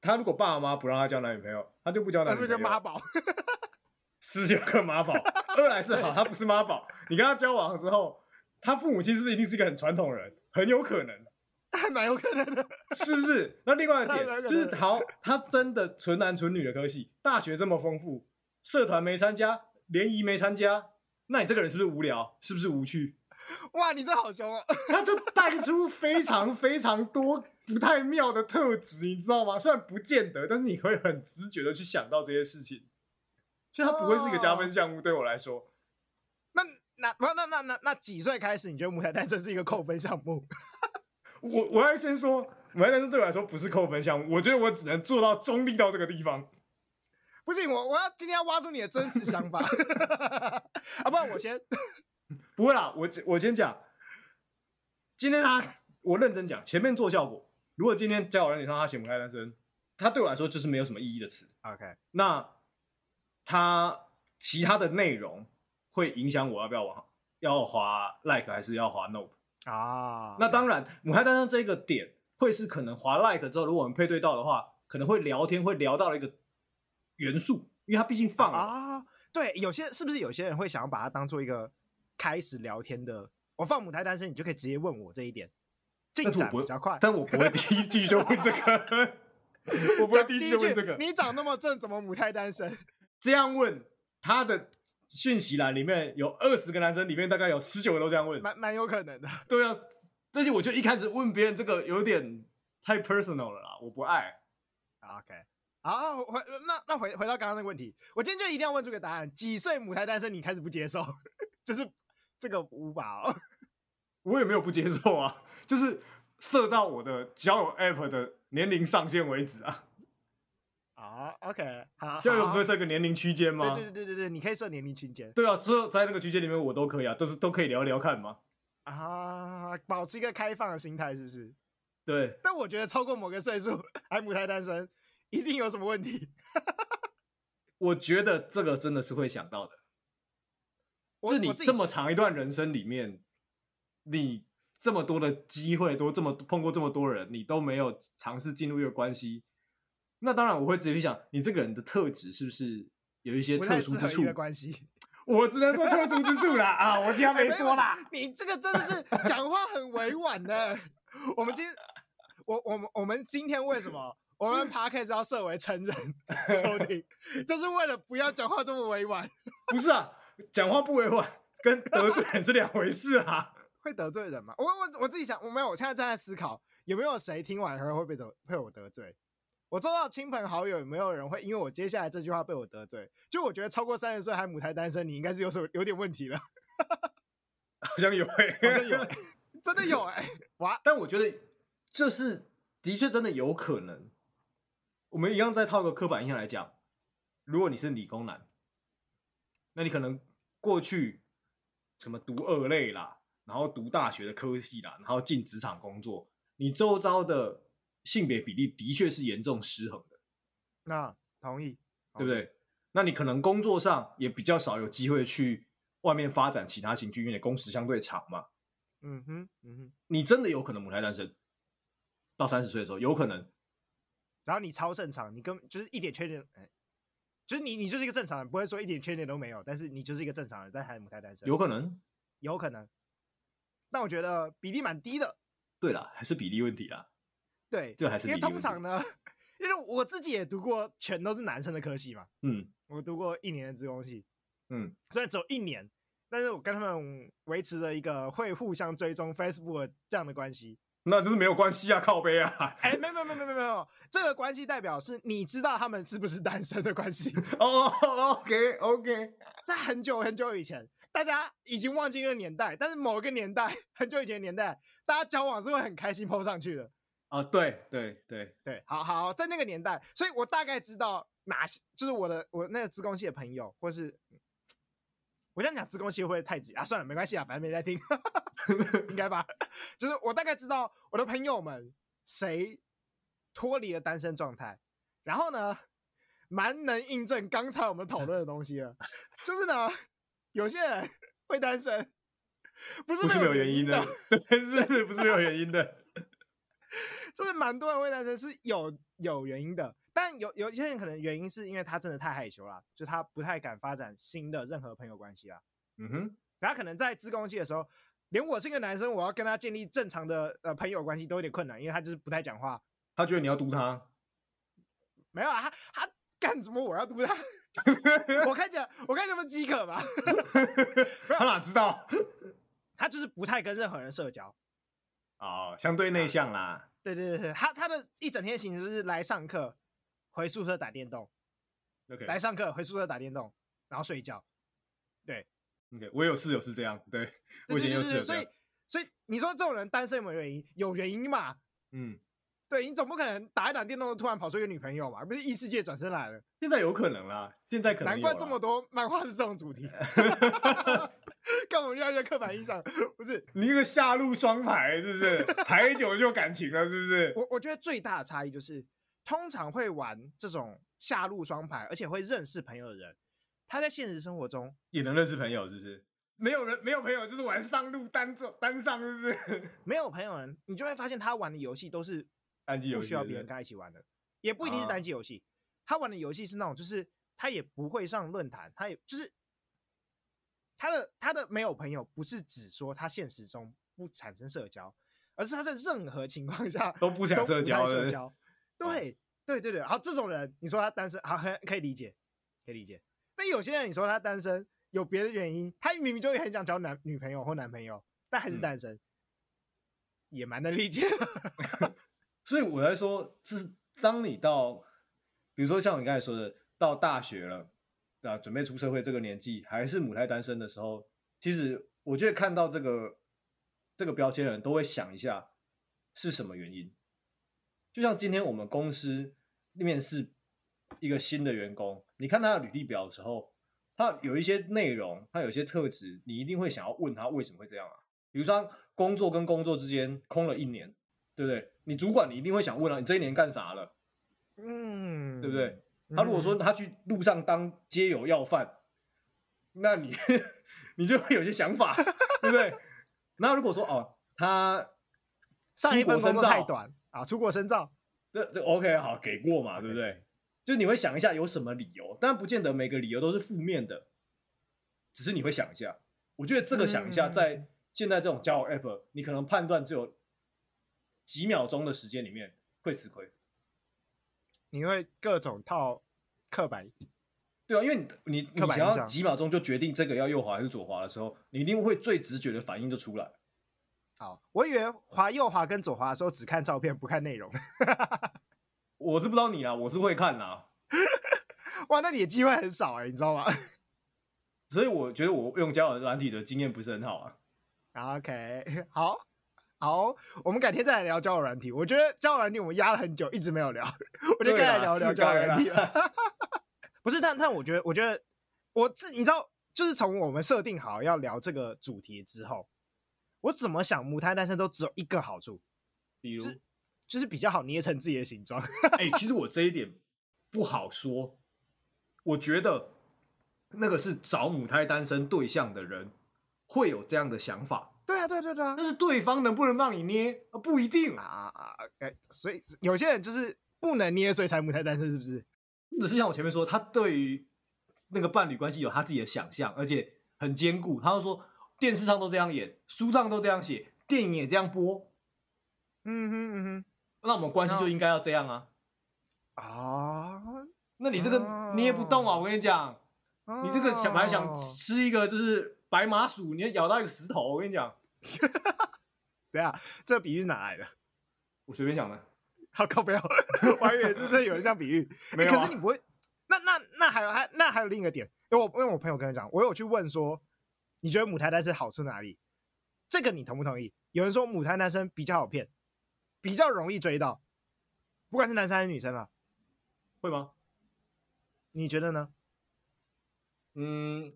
他如果爸媽不讓他交男女朋友，他就不交男女朋友。他是不是叫媽寶 十九個媽寶，十九個媽寶。二來是好， 他不是媽寶，你跟他交往之後。他父母親是不是一定是一個很傳統的人？很有可能，還蠻有可能的，是不是？那另外一點就是，好，他真的純男純女的科系，大學這麼豐富，社團沒參加，聯誼沒參加，那你這個人是不是無聊？是不是無趣？哇，你這好兇啊！他就帶出非常非常多不太妙的特質，你知道嗎？雖然不見得，但是你會很直覺的去想到這些事情，所以他不會是一個加分項目，對我來說。哦那那那那那幾歲開始，你覺得母胎單身是一個扣分項目？ 我我要先說，母胎單身對我來說不是扣分項目。我覺得我只能做到中立到這個地方。不行，我我要今天要挖出你的真實想法 啊！不然我先不會啦。我我先講，今天他我認真講，前面做效果。如果今天交友軟體上你讓他寫母胎單身，他對我來說就是沒有什麼意義的詞。OK，那他其他的內容。會影響我要不要玩，要滑 like 還是要滑 nope 啊。那當然，母胎單身這個點會是可能滑 like 之後，如果我們配對到的話，可能會聊天，會聊到了一個元素，因為它畢竟放了啊。對，有些是不是有些人會想要把它當做一個開始聊天的？我放母胎單身，你就可以直接問我這一點進展不比較快。但我不會第一句就問這個， 我不會第一句就問這個。 你長那麼正，怎麼母胎單身？這樣問他的。訊息欄裡面有二十個男生，裡面大概有十九個都這樣問，蠻蠻有可能的。對啊，最近我就一開始問別人這個有點太 personal 了啦，我不愛。OK，好，回，那那回回到剛剛那個問題，我今天就一定要問出個答案，幾歲母胎單身你開始不接受？ 就是這個無法喔。我也沒有不接受啊，就是設到我的交友 app 的年齡上限為止啊。好，OK，好，就個不是這個年齡區間嗎？對對對對對，你可以設年齡區間。對啊，所有，在那個區間裡面，我都可以啊，都是都可以聊一聊看嘛。啊，保持一個開放的心態，是不是？對。但我覺得超過某個歲數還母胎單身，一定有什麼問題。 我覺得這個真的是會想到的。我我就是、你這麼長一段人生裡面，你這麼多的機會，都這麼碰過這麼多人，你都沒有嘗試進入一個關係。那當然，我會直接想，你這個人的特質是不是有一些特殊之處的關係？ 我只能說特殊之處啦 啊！我今天沒說啦、欸沒。你這個真的是講話很委婉的。 我們今我我們我們今天為什麼我們 podcast 要設為成人收聽， 就是為了不要講話這麼委婉。 不是啊，講話不委婉跟得罪人是兩回事啊。 會得罪人嗎？我我我自己想，我沒有，我現在正在思考有沒有誰聽完之後會被得被我得罪。我知道，親朋好友有沒有人會因為我接下來這句話被我得罪？就我覺得超過三十歲還母胎單身，你應該是有什麼有點問題了。好像有、欸、 好像有、欸，真的有哎。哇！但我覺得這是的確真的有可能。我們一樣再套個刻板印象來講，如果你是理工男，那你可能過去什麼讀二類啦，然後讀大學的科系啦，然後進職場工作，你周遭的。性別比例的確是嚴重失衡的，那、啊、同，同意，對不對？那你可能工作上也比較少有機會去外面發展其他型，距，因為工時相對長嘛。嗯哼，嗯哼，你真的有可能母胎單身，到三十歲的時候有可能。然後你超正常，你根本就是一點缺點，哎，就是你你就是一個正常人，不會說一點缺點都沒有，但是你就是一個正常人，但還是母胎單身，有可能，有可能。但我覺得比例蠻低的。對了，還是比例問題啦。對，因為通常呢，因為我自己也讀過全都是男生的科系嘛。嗯，我讀過一年的資工系。嗯，雖然只有一年，但是我跟他們維持着一個會互相追蹤 Facebook 這樣的關係。那就是沒有關係啊， 靠背啊。哎、欸，沒有沒有沒有沒有沒有，這個關係代表是你知道他們是不是單身的關係。哦、 oh,，OK OK，在很久很久以前，大家已經忘記那個年代，但是某一個年代，很久以前的年代，大家交往是會很開心 PO 上去的。哦、oh,，對對對對，好好，在那個年代，所以我大概知道哪些就是我的我那個資工系的朋友，或是我這樣講資工系會太急，啊，算了，沒關係啊，反正沒在聽， 應該吧？就是我大概知道我的朋友們誰脫離了單身狀態，然後呢，蠻能印證剛才我們討論的東西了， 就是呢，有些人會單身，不是沒有原因的，不是沒有原因的，對，是，不是沒有原因的。 就是蠻多的位男生是有有原因的，但有有一些人可能原因是因為他真的太害羞了，就他不太敢發展新的任何朋友關係啦。嗯哼，他可能在自攻期的時候，連我是一個男生，我要跟他建立正常的呃朋友關係都有點困難，因為他就是不太講話。他覺得你要毒他？嗯、沒有啊，他他幹什麼我要毒他？ 我看起來我看起來那麼飢渴嘛， 他哪知道？ 他就是不太跟任何人社交。哦、oh,，相對內向啦。 對,對對對，他他的一整天行程就是來上課，回宿舍打電動，okay. 來上課回宿舍打電動，然後睡覺，對，OK，我有室友是這樣，對,對,對,對,對,對我以前有室友。所以所以你說這種人單身有沒有原因，有原因嘛？嗯。對，你總不可能打一打電動突然跑出一個女朋友嘛。不是異世界轉身來了？現在有可能啦，現在可能。難怪這麼多漫畫是這種主題。幹嘛要一個刻板印象？不是你一個下路雙排是不是？排久就有感情了是不是？我我覺得最大的差異就是，通常會玩這種下路雙排，而且會認識朋友的人，他在現實生活中也能認識朋友，是不是？沒有人沒有朋友就是玩上路單走單上，是不是？沒有朋友你就會發現他玩的遊戲都是。單機遊戲，不需要別人跟他一起玩的對，對，也不一定是單機遊戲。他玩的遊戲是那種，就是他也不會上論壇，他也就是他的他的沒有朋友，不是指說他現實中不產生社交，而是他在任何情況下都不想社交，社交。對，對，對，對，對。好，這種人你說他單身，好，可以理解，可以理解。但有些人你說他單身，有別的原因，他明明就很想交男女朋友或男朋友，但還是單身，也蠻能理解的。 所以我才說，是當你到，比如說像你剛才說的，到大學了，啊，準備出社會這個年紀，還是母胎單身的時候，其實我覺得看到這個這個標籤的人都會想一下是什麼原因。就像今天我們公司裡面試一個新的員工，你看他的履歷表的時候，他有一些內容，他有一些特質，你一定會想要問他為什麼會這樣啊？比如說工作跟工作之間空了一年，對不對？你主管，你一定會想問啊，你這一年幹啥了？嗯，對不對？他如果說他去路上當街友要飯，嗯、那你 你就會有些想法， 對不對？那如果說哦，他上一份工作太短啊，出國深造，這這 OK，好，給過嘛、嗯，對不對？就你會想一下有什麼理由，但不見得每個理由都是負面的，只是你會想一下。我覺得這個想一下，在現在這種交友 app，、嗯、你可能判斷只有。幾秒鐘的時間裡面會吃虧，你會各種套刻板，對啊，因為你你你想要幾秒鐘就決定這個要右滑還是左滑的時候，你一定會最直覺的反應就出來。好，我以為滑右滑跟左滑的時候只看照片不看內容， 我是不知道你啦，我是會看啦。 哇，那你的機會很少哎、欸，你知道嗎？ 所以我覺得我用交友軟體的經驗不是很好啊。OK，好。好，我們改天再來聊交友軟體。我覺得交友軟體我們壓了很久，一直沒有聊，我就再來聊一聊交友軟體了。 不是，但但我覺得，我覺得我自你知道，就是從我們設定好要聊這個主題之後，我怎麼想母胎單身都只有一個好處，比如、就是、就是比較好捏成自己的形狀。哎、 欸，其實我這一點不好說，我覺得那個是找母胎單身對象的人會有這樣的想法。對啊，對，對啊，對啊對啊，那是對方能不能幫你捏啊，不一定啊啊！Uh, okay. 所以有些人就是不能捏，所以才母胎單身，是不是？只是像我前面說，他對於那個伴侶關係有他自己的想象，而且很堅固。他會說電視上都這樣演，書上都這樣寫，電影也這樣播。嗯哼嗯哼，那我們關係就應該要這樣啊啊？ 那你這個捏不動啊，我跟你講， 你這個想還想吃一個就是。白馬鼠，你要咬到一個石頭，我跟你講，對 啊，這個、比喻是哪來的？我隨便講的。好靠，不要！ 我還以為是有人這樣比喻。 欸、沒有、啊。可是你不會，那那那還有還那還有另一個點，因為我因為我朋友跟你講，我有去問說，你覺得母胎單身好處哪裡？這個你同不同意？有人說母胎單身比較好騙，比較容易追到，不管是男生還是女生啊，會嗎？你覺得呢？嗯。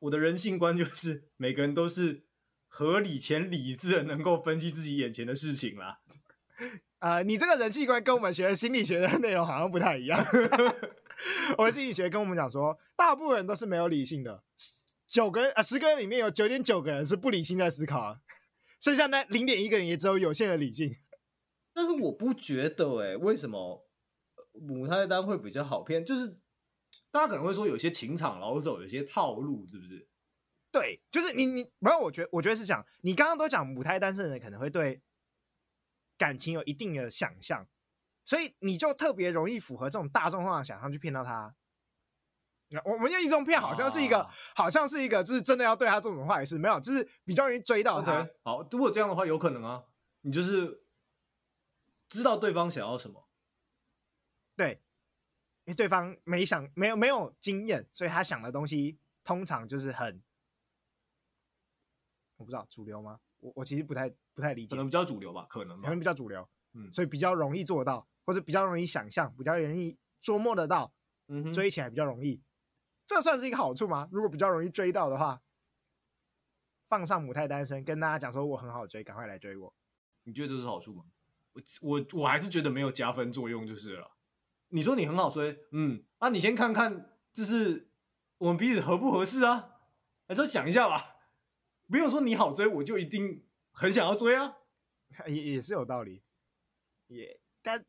我的人性觀就是每個人都是合理且理智，能夠分析自己眼前的事情啦。啊、呃，你這個人性觀跟我們學的心理學的內容好像不太一樣。 我們心理學跟我們講說，大部分人都是沒有理性的，九個人啊十、呃、個人裡面有九點九個人是不理性在思考，剩下那零點一個人也只有有限的理性。但是我不覺得哎、欸，為什麼母胎單會比較好騙？就是。大家可能會說，有些情場老手，有些套路，是不是？對，就是你，你沒有？我覺得，我覺得是這樣，你剛剛都講母胎單身的人，可能會對感情有一定的想象，所以你就特別容易符合這種大眾化的想象，去騙到他。我我們用一種騙好像是一個，啊，好像是一個，好像是一個，就是真的要對他做這種壞事，沒有，就是比較容易追到他。Okay, 好，如果這樣的話，有可能啊，你就是知道對方想要什麼。對。因為對方沒想，沒有沒有經驗，所以他想的東西通常就是很，我不知道主流嗎？我我其實不太不太理解，可能比較主流吧，可能可能比較主流，嗯，所以比較容易做到，或者比較容易想象，比較容易捉摸得到，嗯哼，追起來比較容易，這算是一個好處嗎？如果比較容易追到的話，放上母胎單身，跟大家講說我很好追，趕快來追我，你覺得這是好處嗎？我我我還是覺得沒有加分作用就是了。你說你很好追，嗯，啊，你先看看，就是我們彼此合不合適啊？還是想一下吧，沒有說你好追，我就一定很想要追啊，也也是有道理，也、yeah, 但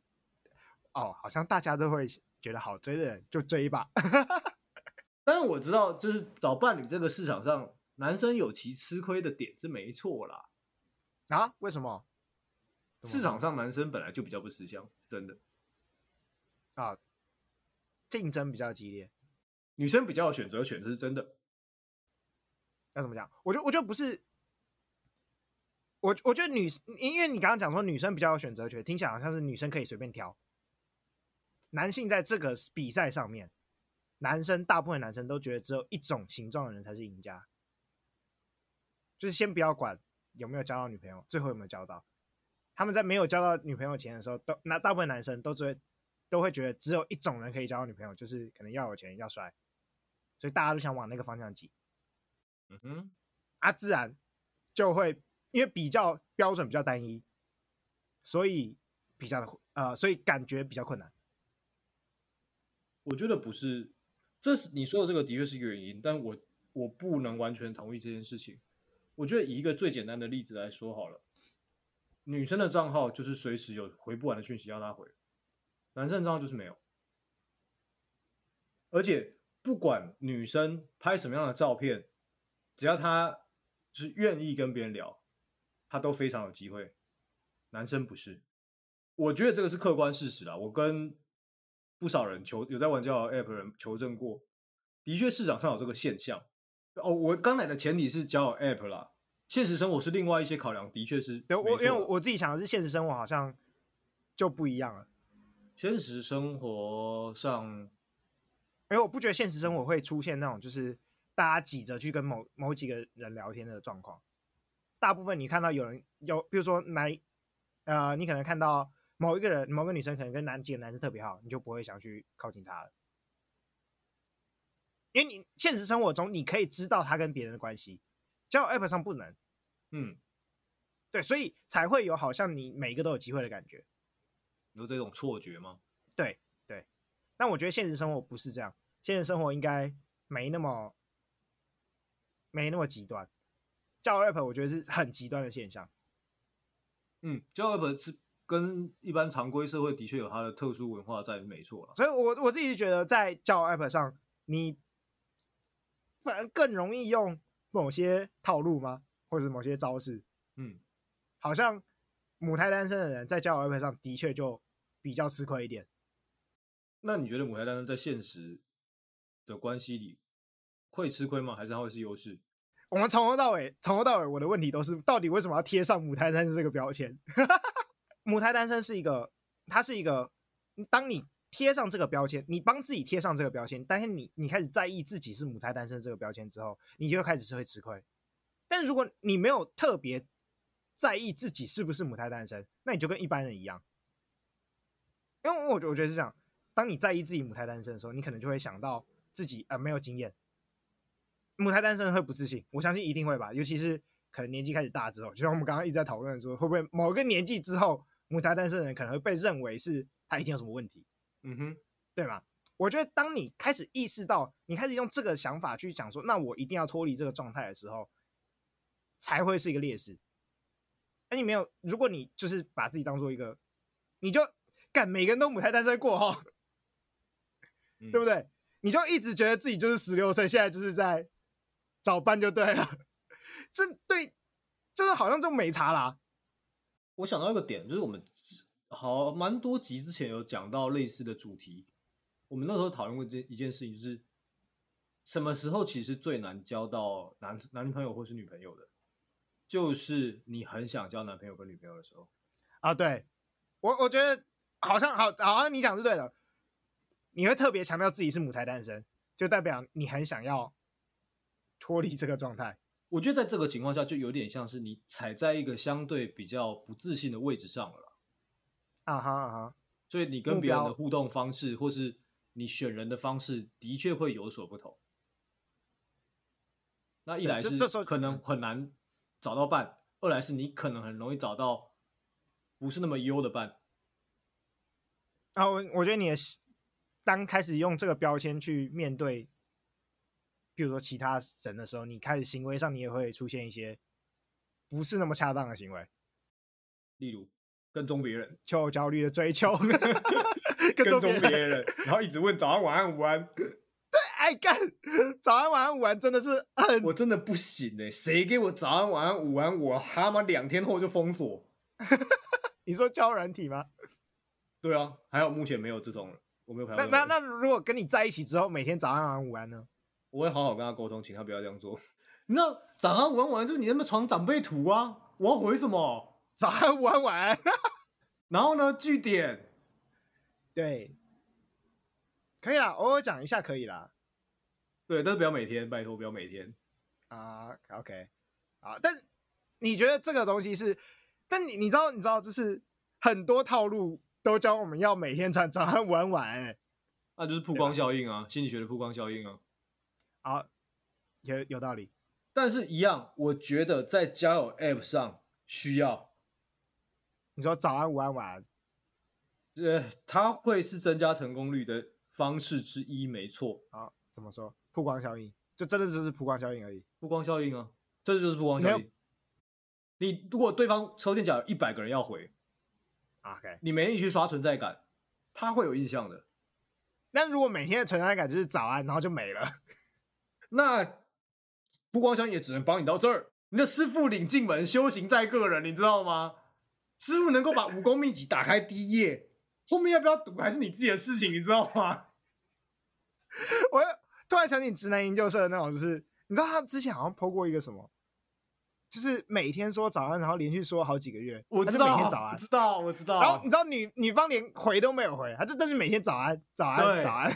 哦，好像大家都會覺得好追的人就追吧哈哈。 但是我知道，就是找伴侶這個市場上，男生有其吃虧的點是沒錯啦，啊，為什麼？市場上男生本來就比較不吃香，真的。啊，競爭比較激烈，女生比較有選擇權，這是真的。要怎麼講？我就我就不是。我我覺得女，因為你剛剛講說女生比較有選擇權，聽起來好像是女生可以隨便挑。男性在這個比賽上面，男生大部分男生都覺得只有一種形狀的人才是贏家。就是先不要管有沒有交到女朋友，最後有沒有交到。他們在沒有交到女朋友前的時候，都那大部分男生都只會。都會覺得只有一種人可以交到女朋友，就是可能要有錢要帥，所以大家都想往那個方向擠。嗯哼，啊，自然就會因為比較標準比較單一，所以比較的呃，所以感覺比較困難。我覺得不是，這是你說的這個的確是一個原因，但我我不能完全同意這件事情。我覺得以一個最簡單的例子來說好了，女生的賬號就是隨時有回不完的訊息要她回。男生的賬號就是沒有，而且不管女生拍什麼樣的照片，只要她就是願意跟別人聊，她都非常有機會。男生不是，我覺得這個是客觀事實啦。我跟不少人求有在玩交友的 app 的人求證過，的確市場上有這個現象。哦，我剛才的前提是交友 app 啦，現實生活是另外一些考量，的確是。我因為我自己想的是現實生活好像就不一樣了。現實生活上，哎、欸，我不覺得現實生活會出現那種就是大家擠着去跟某某幾個人聊天的狀況。大部分你看到有人有，比如說男，呃，你可能看到某一個人，某個女生可能跟男幾個男生特別好，你就不會想去靠近他了。因為你現實生活中你可以知道他跟別人的關係，交友 app 上不能。嗯，對，所以才會有好像你每一個都有機會的感覺。有這種錯覺嗎？對對，但我覺得現實生活不是這樣，現實生活應該沒那麼沒那麼極端。交友 app 我覺得是很極端的現象。嗯，交友 app 是跟一般常規社會的確有它的特殊文化在，沒錯啦。所以我，我我自己是覺得在交友 app 上，你反而更容易用某些套路嗎？或者某些招式。嗯，好像。母胎單身的人在交友 App 上的確就比較吃虧一點。那你覺得母胎單身在現實的關係裡會吃虧嗎？還是它會是優勢？我們從頭到尾，從頭到尾，我的問題都是：到底為什麼要貼上母胎單身這個標籤？ 母胎單身是一個，它是一個，當你貼上這個標籤，你幫自己貼上這個標籤，但是你你開始在意自己是母胎單身這個標籤之後，你就開始會吃虧。但如果你沒有特別。在意自己是不是母胎單身，那你就跟一般人一樣，因為我我覺得是這樣。當你在意自己母胎單身的時候，你可能就會想到自己啊、呃、沒有經驗，母胎單身會不自信，我相信一定會吧。尤其是可能年紀開始大之後，就像我們剛剛一直在討論說，會不會某一個年紀之後，母胎單身的人可能會被認為是他一定有什麼問題。嗯哼，對嗎？我覺得當你開始意識到，你開始用這個想法去講說，那我一定要脫離這個狀態的時候，才會是一個劣勢。那、欸、你沒有？如果你就是把自己當做一個，你就敢每個人都母胎單身過哈、哦，嗯，對不對？你就一直覺得自己就是十六歲，現在就是在找伴就對了。這對，就是好像就沒差啦。我想到一個點，就是我們好蠻多集之前有講到類似的主題，我們那時候討論過一件一件事情，就是什麼時候其實最難交到男男女朋友或是女朋友的。就是你很想交男朋友跟女朋友的時候，啊，對，我我覺得好像好好像你講是對的，你會特別強調自己是母胎單身，就代表你很想要脫離這個狀態。我覺得在這個情況下，就有點像是你踩在一個相對比較不自信的位置上了。啊哈啊哈，所以你跟別人的互動方式，或是你選人的方式，的確會有所不同。那一來是這時候可能很難。找到伴，二來是你可能很容易找到不是那麼優的伴啊。我我覺得你也是，當開始用這個標籤去面對，譬如說其他人的時候，你開始行為上你也會出現一些不是那麼恰當的行為，例如跟蹤別人、就焦慮的追求、 跟蹤別人，人 然後一直問早安、晚安、午安。你幹，早安、晚安、午安，真的是，我真的不行呢、欸。誰給我早安、晚安、午安，我他媽兩天後就封鎖。 你說交軟體嗎？對啊，還有目前沒有這種，我沒有排。那那那，那如果跟你在一起之後，每天早安、晚安、午安呢？我會好好跟他溝通，請他不要這樣做。那 早安、晚安、午安、午安，就是你那邊傳長輩圖啊！我要回什麼？早安、午安、晚安、午安。然後呢？句點。對，可以啦，偶爾講一下可以啦。對，但是不要每天，拜託不要每天。啊、uh,，OK，啊，但你覺得這個東西是？但你你知道你知道，就是很多套路都教我們要每天早、早安晚安、欸、晚、啊、晚。那就是曝光效應啊，心理學的曝光效應啊。好、uh,，有有道理。但是，一樣，我覺得在交友 App 上需要你說早安、午安、晚安，呃，它會是增加成功率的方式之一，沒錯。啊、uh,，怎麼說？曝光效應，這真的只是曝光效應而已。曝光效應啊，這就是曝光效應。你，你如果對方抽墊腳有一百個人要回，OK，你每天去刷存在感，他會有印象的。但如果每天的存在感就是早安，然後就沒了，那曝光效應也只能幫你到這兒。你的師父領進門，修行在個人，你知道嗎？師父能夠把武功秘籍打開第一頁， 後面要不要讀，還是你自己的事情，你知道嗎？ 我要。突然想起直男研究社的那種，就是你知道他之前好像 po 過一個什麼，就是每天說早安，然後連續說好幾個月，我知道，每天早安，我知道我知道。然後你知道女女方連回都沒有回，他就但是每天早安早安早安，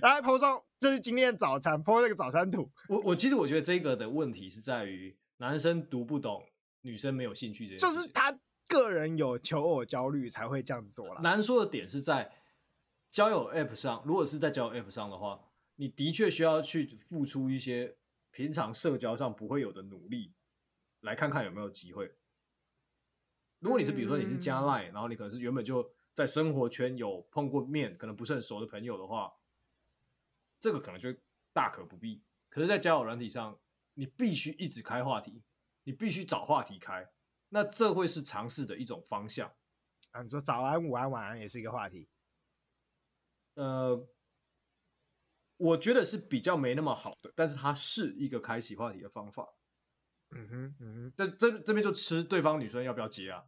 然後還 po 上這就是今天的早餐，po 那個早餐圖。我我其實我覺得這個的問題是在於男生讀不懂，女生沒有興趣這，這就是他個人有求偶焦慮才會這樣子做啦。難說的點是在交友 app 上，如果是在交友 app 上的話。你的確需要去付出一些平常社交上不會有的努力，來看看有沒有機會。如果你是比如說你是加 LINE，然後你可能是原本就在生活圈有碰過面，可能不是很熟的朋友的話，這個可能就大可不必。可是，在交友軟體上，你必須一直開話題，你必須找話題開，那這會是嘗試的一種方向啊。你說早安、午安、晚安也是一個話題，呃。我覺得是比較沒那麼好的，但是它是一個開啟話題的方法。嗯哼，嗯哼，這這邊就吃對方女生要不要接啊？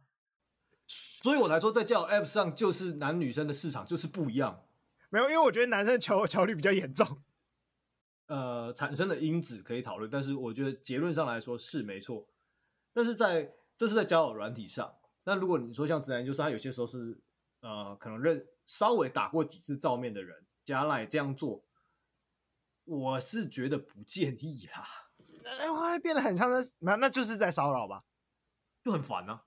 所以，我才說，在交友 App 上，就是男女生的市場就是不一樣。沒有，因為我覺得男生求求率比較嚴重。呃，產生的因子可以討論，但是我覺得結論上來說是沒錯。但是在這是在交友軟體上，那如果你說像自然，就是他有些時候是呃，可能認稍微打過幾次照面的人加賴這樣做。我是覺得不建議啦，那變得很像那，那就是在騷擾吧，就很煩呢。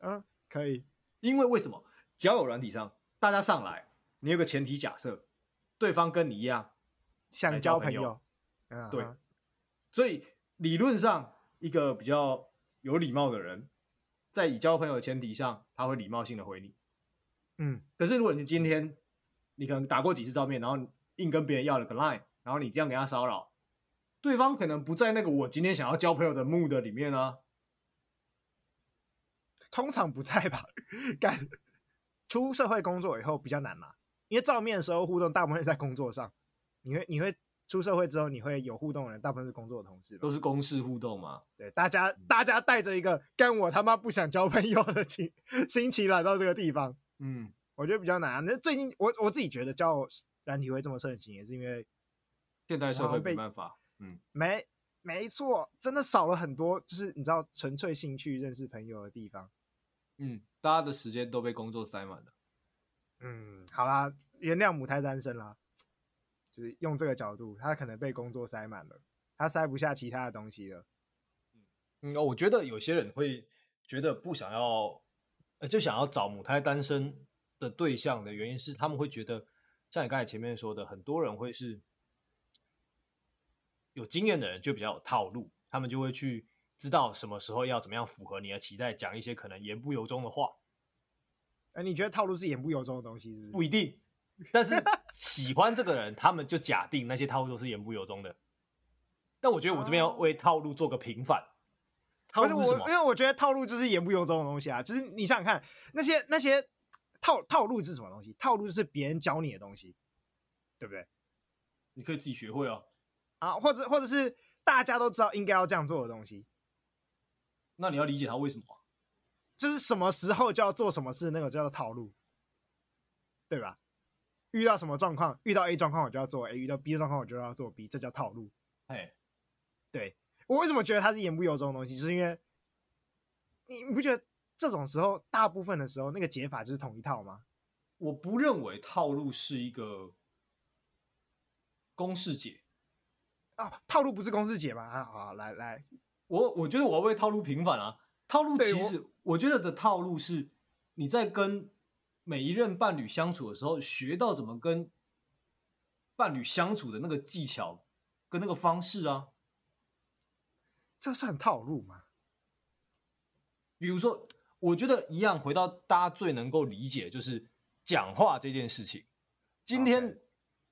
嗯，可以，因為為什麼？只要有軟體上，大家上來，你有個前提假設，對方跟你一樣想交朋友，對，所以理論上，一個比較有禮貌的人，在以交朋友的前提上，他會禮貌性的回你。嗯，可是如果你今天你可能打過幾次照面，然後，硬跟別人要了個 line，然後你這樣給他騷擾，對方可能不在那個我今天想要交朋友的 mood 裡面呢、啊，通常不在吧？幹，出社會工作以後比較難嘛，因為照面的時候互動大部分是在工作上，你會你會出社會之後你會有互動的人，大部分是工作的同事，都是公事互動嘛，對，大家、嗯、大家帶着一個跟我他媽不想交朋友的心心情來到這個地方，嗯，我覺得比較難啊。那最近我我自己覺得叫，團體會這麼盛行，也是因為現代社會沒辦法，嗯，沒沒錯，真的少了很多，就是你知道純粹興趣認識朋友的地方，嗯，大家的時間都被工作塞滿了，嗯，好啦，原諒母胎單身啦，就是用這個角度，他可能被工作塞滿了，他塞不下其他的東西了，嗯，我覺得有些人會覺得不想要，呃，就想要找母胎單身的對象的原因是他們會覺得。像你剛才前面說的，很多人會是有經驗的人就比較有套路，他們就會去知道什麼時候要怎麼樣符合你的期待，講一些可能言不由衷的話。哎、呃，你覺得套路是言不由衷的東西是不是？不一定，但是喜歡這個人， 他們就假定那些套路都是言不由衷的。但我覺得我這邊要為套路做個平反，啊、套路是什麼？我，因為我覺得套路就是言不由衷的東西啊。就是你想想看，那些那些。套套路是什麼東西？套路就是別人教你的東西，對不對？你可以自己學會哦。啊，啊，或者或者是大家都知道應該要這樣做的東西。那你要理解他為什麼、啊，就是什麼時候就要做什麼事，那個叫做套路，對吧？遇到什麼狀況，遇到 A 狀況我就要做 A，遇到 B 狀況我就要做 B，這叫套路。哎，對，我為什麼覺得他是言不由衷的東西，就是因為你你不覺得？這種時候，大部分的時候，那個解法就是同一套嗎？我不認為套路是一個公式解啊，套路不是公式解嗎？啊，好，來來，我我覺得我要為套路平反啊。套路其實我，我覺得的套路是，你在跟每一任伴侶相處的時候，學到怎麼跟伴侶相處的那個技巧跟那個方式啊，這算套路嗎？比如說。我覺得一樣，回到大家最能夠理解，就是講話這件事情。今天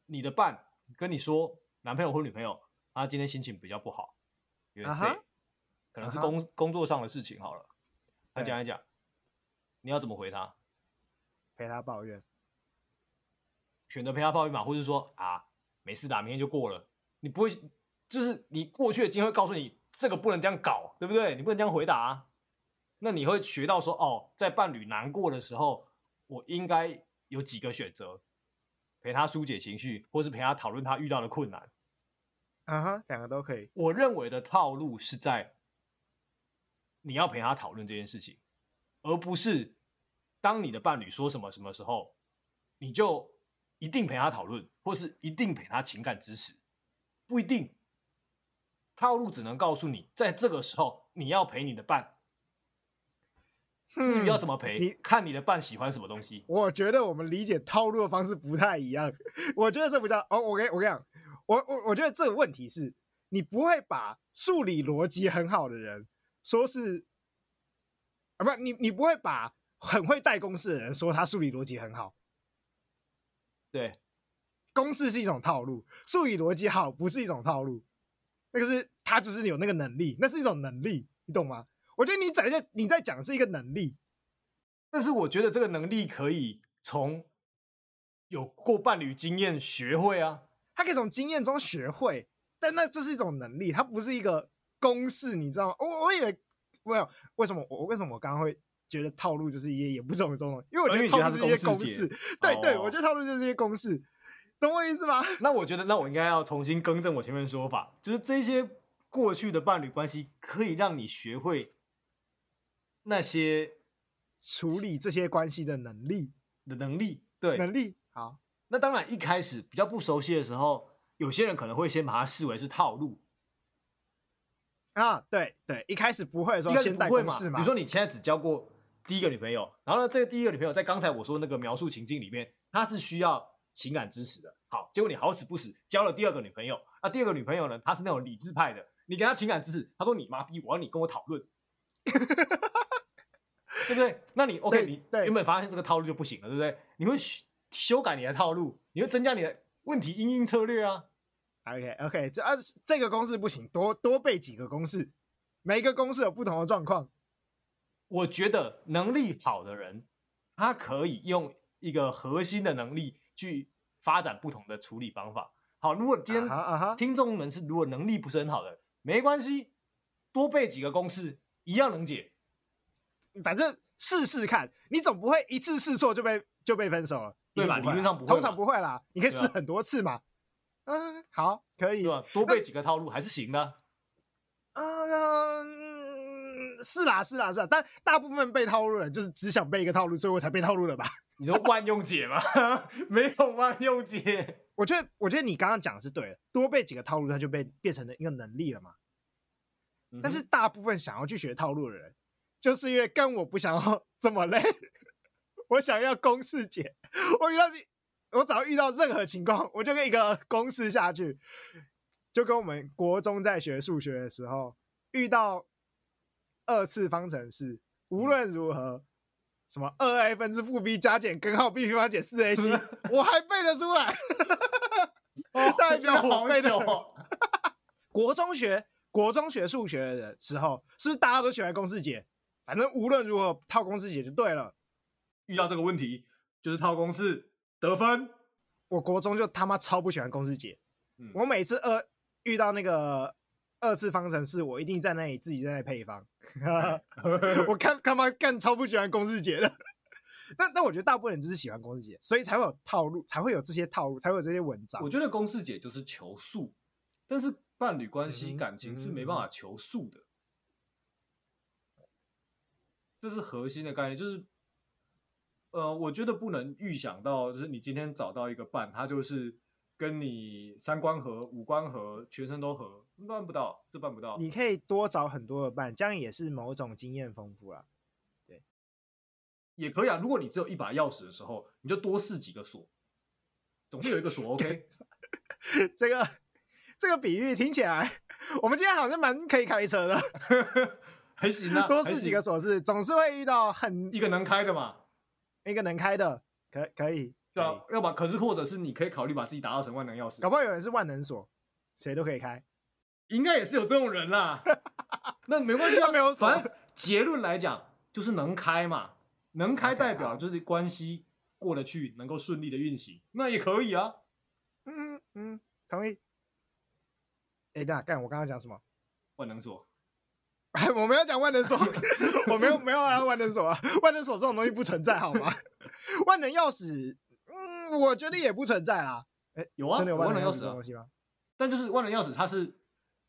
你的伴跟你說，男朋友或女朋友，他今天心情比較不好，有點累，可能是工工作上的事情。好了，他講一講，你要怎麼回他？陪他抱怨，選擇陪他抱怨嘛，或者說啊，沒事的啊，明天就過了。你不會，就是你過去的經驗告訴你，這個不能這樣搞，對不對？你不能這樣回答啊。那你會學到說哦，在伴侶難過的時候，我應該有幾個選擇，陪他疏解情緒，或是陪他討論他遇到的困難。啊哈，兩個都可以。我認為的套路是在你要陪他討論這件事情，而不是當你的伴侶說什麼什麼時候，你就一定陪他討論，或是一定陪他情感支持，不一定。套路只能告訴你，在這個時候你要陪你的伴。你要怎麼賠、嗯？你看你的伴喜歡什麼東西？我覺得我們理解套路的方式不太一樣。 我覺得這不叫哦，oh, okay, okay. 我跟、okay. 我跟你講，我、okay. 我我覺得這個問題是你不會把數理邏輯很好的人說是啊，不，你你不會把很會帶公式的人說他數理邏輯很好。對，公式是一種套路，數理邏輯好不是一種套路，那個是他就是有那個能力，那是一種能力，你懂嗎？我覺得你在一你在講是一個能力，但是我覺得這個能力可以從有過伴侶經驗學會啊，他可以從經驗中學會，但那就是一種能力，它不是一個公式，你知道嗎？我我以為沒有為什麼我為什麼我剛剛會覺得套路就是一些也不是很中用，因為我覺得套路就是一些公式，公式，對哦哦哦對，我覺得套路就是一些公式，懂我意思嗎？那我覺得那我應該要重新更正我前面的說法，就是這些過去的伴侶關係可以讓你學會。那些處理這些關係的能力的能力，對能力好。那當然一開始比較不熟悉的時候，有些人可能會先把它視為是套路啊。對對，一開始不會的時候先代公式嘛、啊？比如說你現在只交過第一個女朋友，然後呢，這個第一個女朋友在剛才我說那個描述情境裡面，她是需要情感支持的。好，結果你好死不死交了第二個女朋友，那第二個女朋友呢，她是那種理智派的，你給她情感支持，她說你媽逼，我要你跟我討論。 對不對？那你 OK，對對，你原本發現這個套路就不行了，對不對？你會修改你的套路，你會增加你的問題應用策略啊。OK OK，這啊這個公式不行，多多背幾個公式，每一個公式有不同的狀況。我覺得能力好的人，他可以用一個核心的能力去發展不同的處理方法。好，如果今天聽眾們是 uh -huh, uh -huh. 如果能力不是很好的，沒關係，多背幾個公式一樣能解。反正試試看，你總不會一次試錯就被就被分手了，對吧？啊、理論上不會，通常不會啦。你可以試很多次嘛。嗯，好，可以。對吧，多背幾個套路還是行的。嗯，是啦，是啦，是啦。但大部分背套路的人就是只想背一個套路，所以我才背套路的吧？你說萬用解嗎？ 沒有萬用解。我覺得，我覺得你剛剛講的是對的。多背幾個套路，它就被變成了一個能力了嘛、嗯。但是大部分想要去學套路的人。就是因為跟我不想要這麼累，我想要公式解。我遇到你，我只要遇到任何情況，我就給一個公式下去，就跟我們國中在學數學的時候遇到二次方程式，無論如何，什麼二 a 分之負 b 加減根號 b 平方減四 ac，我還背得出來，代表我背得活。國中學國中學數學的時候，是不是大家都喜歡公式解？反正無論如何，套公式解就對了，遇到這個問題就是套公式得分。我國中就他媽超不喜歡公式解，嗯，我每次二遇到那個二次方程式，我一定在那裡自己在那裡配方。 我看他媽幹超不喜歡公式解的。 但，但我覺得大部分人就是喜歡公式解，所以才會有套路，才會有這些套路，才會有這些文章。我覺得公式解就是求速，但是伴侶關係感情是沒辦法求速的。嗯嗯這是核心的概念，就是，呃，我覺得不能預想到，就是你今天找到一個伴，他就是跟你三觀合、五官合、全身都合，辦不到，這辦不到。你可以多找很多個伴，這樣也是某種經驗豐富啦。對，也可以啊。如果你只有一把鑰匙的時候，你就多試幾個鎖，總是有一個鎖 OK。 這個這個比喻聽起來，我們今天好像蠻可以開車的。 還行、啊、多試幾個鎖，總是會遇到很一個能開的嘛，一個能開的，可以可以，要、啊、要把可是或者是你可以考慮把自己打造成萬能鑰匙，搞不好有人是萬能鎖，誰都可以開，應該也是有這種人啦， 那沒關係、啊，他沒有鎖，反正結論來講就是能開嘛，能開代表就是關係過得去，能夠順利的運行，那也可以啊，嗯嗯，同意，哎、欸，等下幹？我剛剛講什麼？萬能鎖。我沒有講萬能鎖， 我沒有沒有啊，萬能鎖啊，萬能鎖這種東西不存在好嗎？萬能鑰匙，嗯，我覺得也不存在啊。哎、欸，有啊，真的有萬能鑰匙這種東西嗎、啊？但就是萬能鑰匙，匙，它是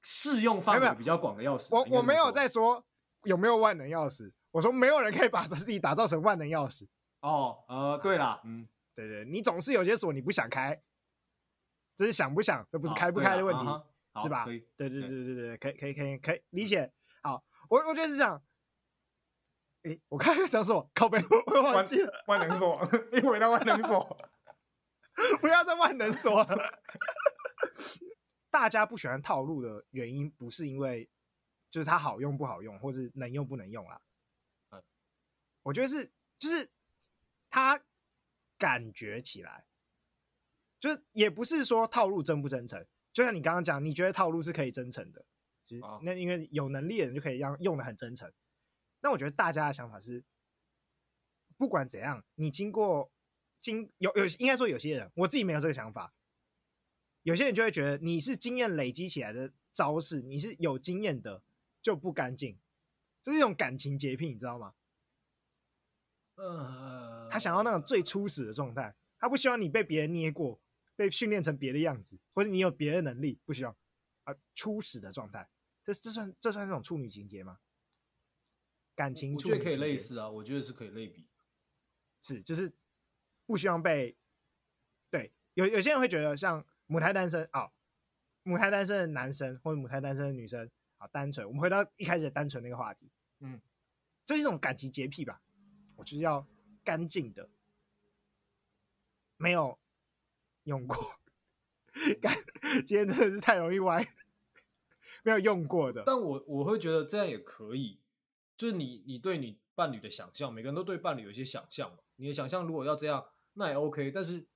適用範圍比較廣的鑰匙。我我沒有在說有沒有萬能鑰匙，我說沒有人可以把自己打造成萬能鑰匙。哦，呃，對了，嗯，對，對對，你總是有些鎖你不想開，這是想不想，這不是開不開的問題，啊啊、是吧？對對對對對，可以可以可以可以理解。嗯我我覺得是這樣。誒、欸，我看個小說，靠北，我忘記了萬,萬能鎖，因 為那萬能鎖，不要再萬能鎖了。 大家不喜歡套路的原因，不是因為就是它好用不好用，或是能用不能用啦。嗯，我覺得是，就是它感覺起來，就是也不是說套路真不真誠。就像你剛剛講，你覺得套路是可以真誠的。其實，那因為有能力的人就可以讓用的很真誠。那我覺得大家的想法是，不管怎樣，你經過經有有應該說有些人，我自己沒有這個想法。有些人就會覺得你是經驗累積起來的招式，你是有經驗的就不乾淨，這是一種感情潔癖，你知道嗎？呃，他想要那種最初始的狀態，他不希望你被別人捏過，被訓練成別的樣子，或者你有別的能力，不希望啊，初始的狀態。這這算這算是一種處女情節嗎？感情處女情節，我我覺得可以類似啊，我覺得是可以類比。是，就是不希望被。對，有有些人會覺得像母胎單身啊、哦，母胎單身的男生或者母胎單身的女生啊，單純。我們回到一開始的單純那個話題，嗯，這是一種感情潔癖吧？我就是要乾淨的，沒有用過。幹， 今天真的是太容易歪。沒有用過的，但我我會覺得這樣也可以。就是你，你對你伴侶的想象，每個人都對伴侶有一些想象嘛。你的想象如果要這樣，那也 OK。但是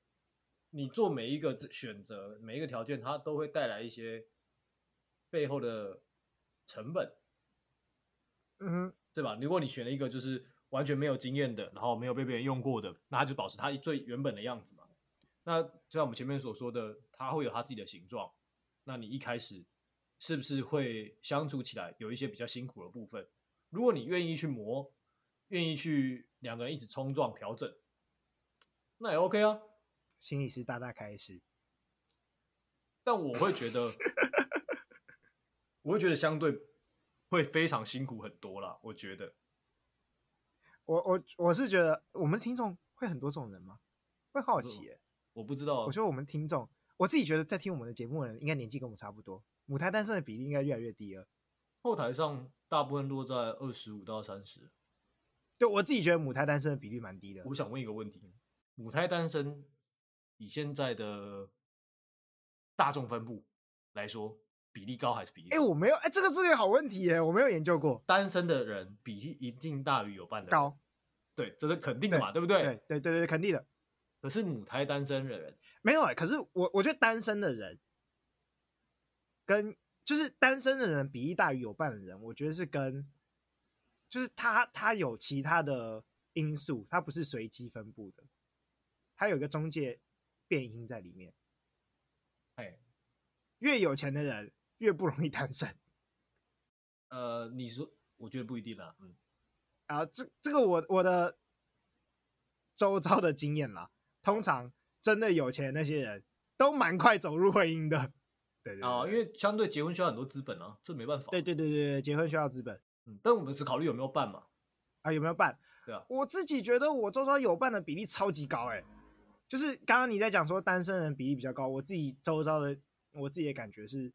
你做每一個選擇，每一個條件，它都會帶來一些背後的成本，嗯哼，對吧？如果你選了一個就是完全沒有經驗的，然後沒有被別人用過的，那他就保持他最原本的樣子嘛。那就像我們前面所說的，它會有它自己的形狀。那你一開始。是不是會相處起來有一些比較辛苦的部分？如果你願意去磨，願意去兩個人一直衝撞調整，那也 OK 啊，心裡是大大開心。但我會覺得， 我會覺得相對會非常辛苦很多啦。我覺得，我我我是覺得，我們聽眾會很多這種人嗎？會好奇、欸？我不知道。我覺得我們聽眾，我自己覺得在聽我們的節目的人，應該年紀跟我們差不多。母胎單身的比例應該越來越低了，後台上大部分落在二十五到三十。對，我自己覺得母胎單身的比例蠻低的。我想問一個問題：母胎單身以現在的大眾分布來說，比例高還是比例高？哎、欸，我沒有哎、欸，這個是個好問題哎、欸，我沒有研究過。單身的人比例一定大於有伴的人。高。對，這是肯定的嘛，對，對不對，對？對對對對，肯定的。可是母胎單身的人沒有、欸、可是我我覺得單身的人。跟就是單身的人比，例大於有伴的人，我覺得是跟，就是他他有其他的因素，他不是隨機分布的，他有一個中介變音在裡面。哎，越有錢的人越不容易單身。呃，你說，我覺得不一定啦，嗯。啊，這這個我我的周遭的經驗啦，通常真的有錢的那些人都蠻快走入婚姻的。對啊對對對，哦，因為相對結婚需要很多資本啊，這沒辦法。對對對對，結婚需要資本。嗯，但我們只考慮有沒有辦嘛？啊，有沒有辦？對啊，我自己覺得我周遭有辦的比例超級高哎，欸，就是剛剛你在講說單身人比例比較高，我自己周遭的，我自己的感覺是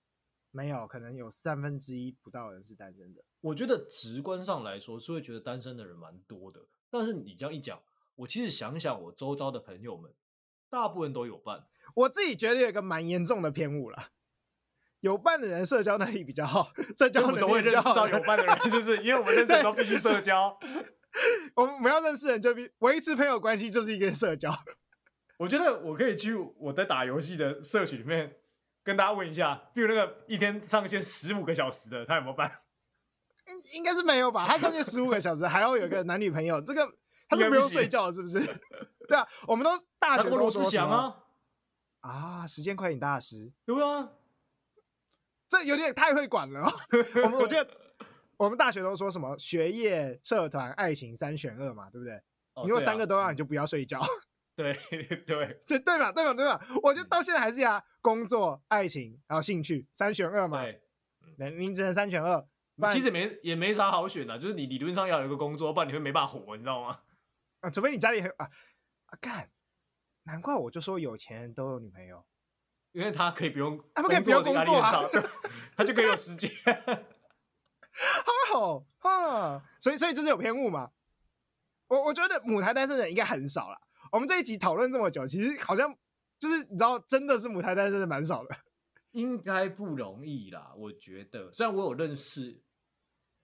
沒有，可能有三分之一不到的人是單身的。我覺得直觀上來說是會覺得單身的人蠻多的，但是你這樣一講，我其實想想我周遭的朋友們，大部分都有辦。我自己覺得有一個蠻嚴重的偏誤了。有伴的人社交能力比較好，社交我們都會認識到有伴的人 是不是？因為我們認識的時候必須社交， 對 我們我要認識人就必須維持朋友關係，就是一個社交。我覺得我可以去我在打遊戲的社群裡面跟大家問一下，比如那個一天上線十五個小時的他有沒有辦，應應該是沒有吧？他上線十五個小時還要有一個男女朋友， 這個他是不用睡覺是不是？不 對啊，我們都大學都羅志祥啊，啊，時間快點大師有沒有這有點太會管了，哦， 我們我覺得，我們大學都說什麼學業、社團、愛情三選二嘛，對不對？因為三個都要，你就不要睡覺，哦。對、啊、 對，對對嘛對嘛對嘛。我覺得到現在還是要工作、愛情還有興趣三選二嘛。對，你只能三選二。其實也沒也沒啥好選的，啊，就是你理論上要有一個工作，不然你會沒辦法活，你知道嗎？啊，除非你家裡很啊啊乾，難怪我就說有錢人都有女朋友。因為他可以不用，他不可以不用工作、啊、 他就可以有時間。好好好，所以所以就是有偏誤嘛。我我覺得母胎單身的人應該很少了。我們這一集討論這麼久，其實好像就是你知道，真的是母胎單身的蠻少的。應該不容易啦，我覺得。雖然我有認識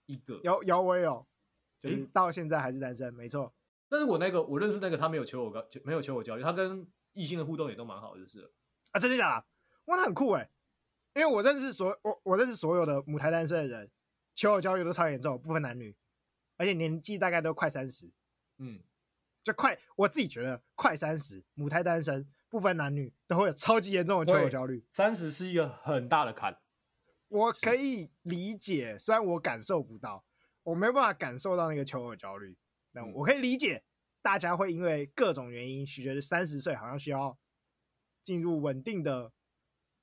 一個姚姚威哦，就是到現在還是單身，嗯、沒錯。但是我那個我認識那個他沒有求我告，就沒有求我交友，他跟異性的互動也都蠻好就是。啊，真的假的？哇，那很酷誒、欸。因為我認識所我我認識所有的母胎單身的人，求偶焦慮都超嚴重，不分男女，而且年紀大概都快三十，嗯，就快。我自己覺得快三十母胎單身不分男女都會有超級嚴重的求偶焦慮。三十是一個很大的坎。我可以理解，雖然我感受不到，我沒有辦法感受到那個求偶焦慮，但我可以理解、嗯、大家會因為各種原因覺得三十歲好像需要。進入穩定的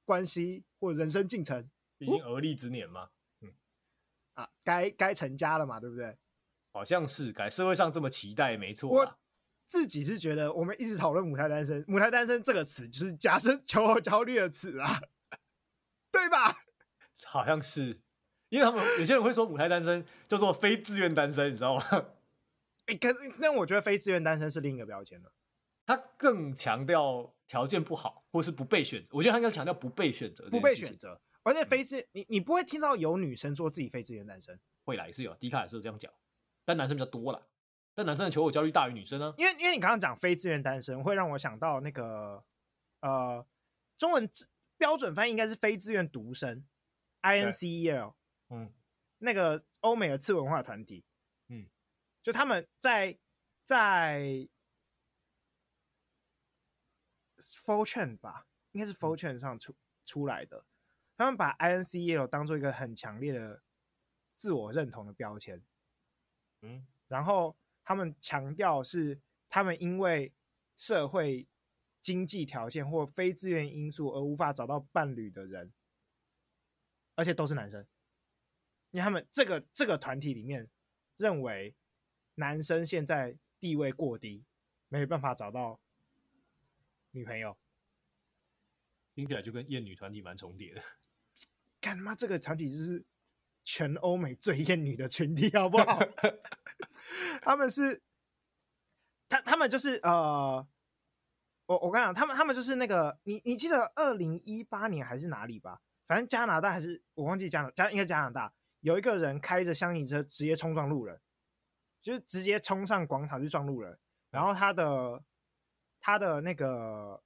關係或者人生進程，已經而立之年嘛，嗯，啊，該該成家了嘛，對不對？好像是該社會上這麼期待，沒錯。我自己是覺得，我們一直討論“母胎單身”，“母胎單身”這個詞就是加深求偶焦慮的詞啊，對吧？好像是，因為他們有些人會說“母胎單身”叫做“非自願單身”，你知道嗎？哎、欸，可那我覺得“非自願單身”是另一個標籤了，它更強調。條件不好，或是不被選擇，我覺得他應該強調不被選擇。不被選擇，而且非自願、嗯，你你不會聽到有女生說自己非自願單身，未來是有，迪卡也是有這樣講，但男生比較多啦。但男生的求偶焦慮大於女生呢、啊？因為因為你剛剛講非自願單身，會讓我想到那個呃，中文標準翻譯應該是非自願獨身，I N C E L，嗯，那個歐美的次文化團體，嗯，就他們在在。Fortune 吧，應該是 Fortune 上出出來的。他們把 incel 當做一個很強烈的自我認同的標籤。嗯，然後他們強調是他們因為社會經濟條件或非自願因素而無法找到伴侶的人，而且都是男生。因為他們這個這個團體裡面認為男生現在地位過低，沒有辦法找到。女朋友聽起來就跟厭女團體蠻重疊的。幹他媽，這個團體就是全歐美最厭女的群體，好不好？ 他們是，他他們就是呃，我我跟你講，他們他們就是那個你你記得二零一八年還是哪裡吧？反正加拿大還是我忘記加拿加，應該加拿大有一個人開着廂型車直接衝撞路人，就是直接衝上廣場去撞路人，然後他的。嗯他的那個，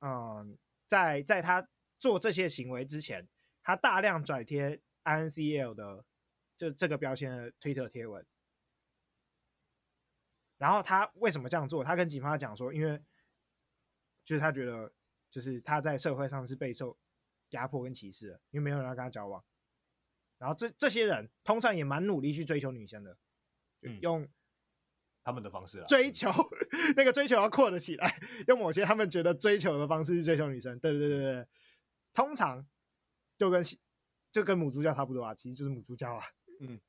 嗯，在在他做這些行為之前，他大量轉貼 I N C L 的，就這個標籤的推特貼文。然後他為什麼這樣做？他跟警方講說，因為就是他覺得，就是他在社會上是備受壓迫跟歧視的，因為沒有人要跟他交往。然後這這些人通常也蠻努力去追求女生的，就用。嗯他們的方式追求、嗯、 那個追求要擴得起來，用某些他們覺得追求的方式去追求女生，對對對對，通常就跟就跟母豬教差不多啊，其實就是母豬教啊，嗯，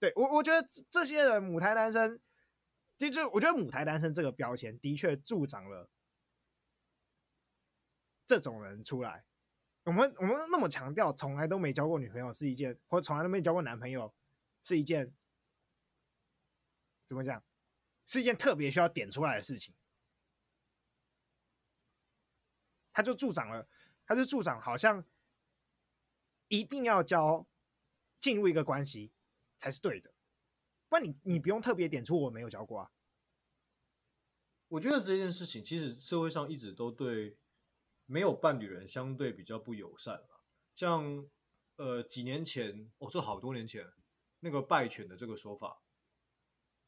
對我我覺得這些人，母胎單身，其實我覺得母胎單身這個標籤的確助長了這種人出來。我們我們那麼強調，從來都沒交過女朋友是一件，或從來都沒交過男朋友是一件。怎麼講？是一件特別需要點出來的事情。他就助長了，他就助長，好像一定要交進入一個關係才是對的，不然你你不用特別點出我沒有交過啊。我覺得這件事情其實社會上一直都對沒有伴侶的人相對比較不友善了，像呃幾年前哦，這好多年前那個敗犬的這個說法。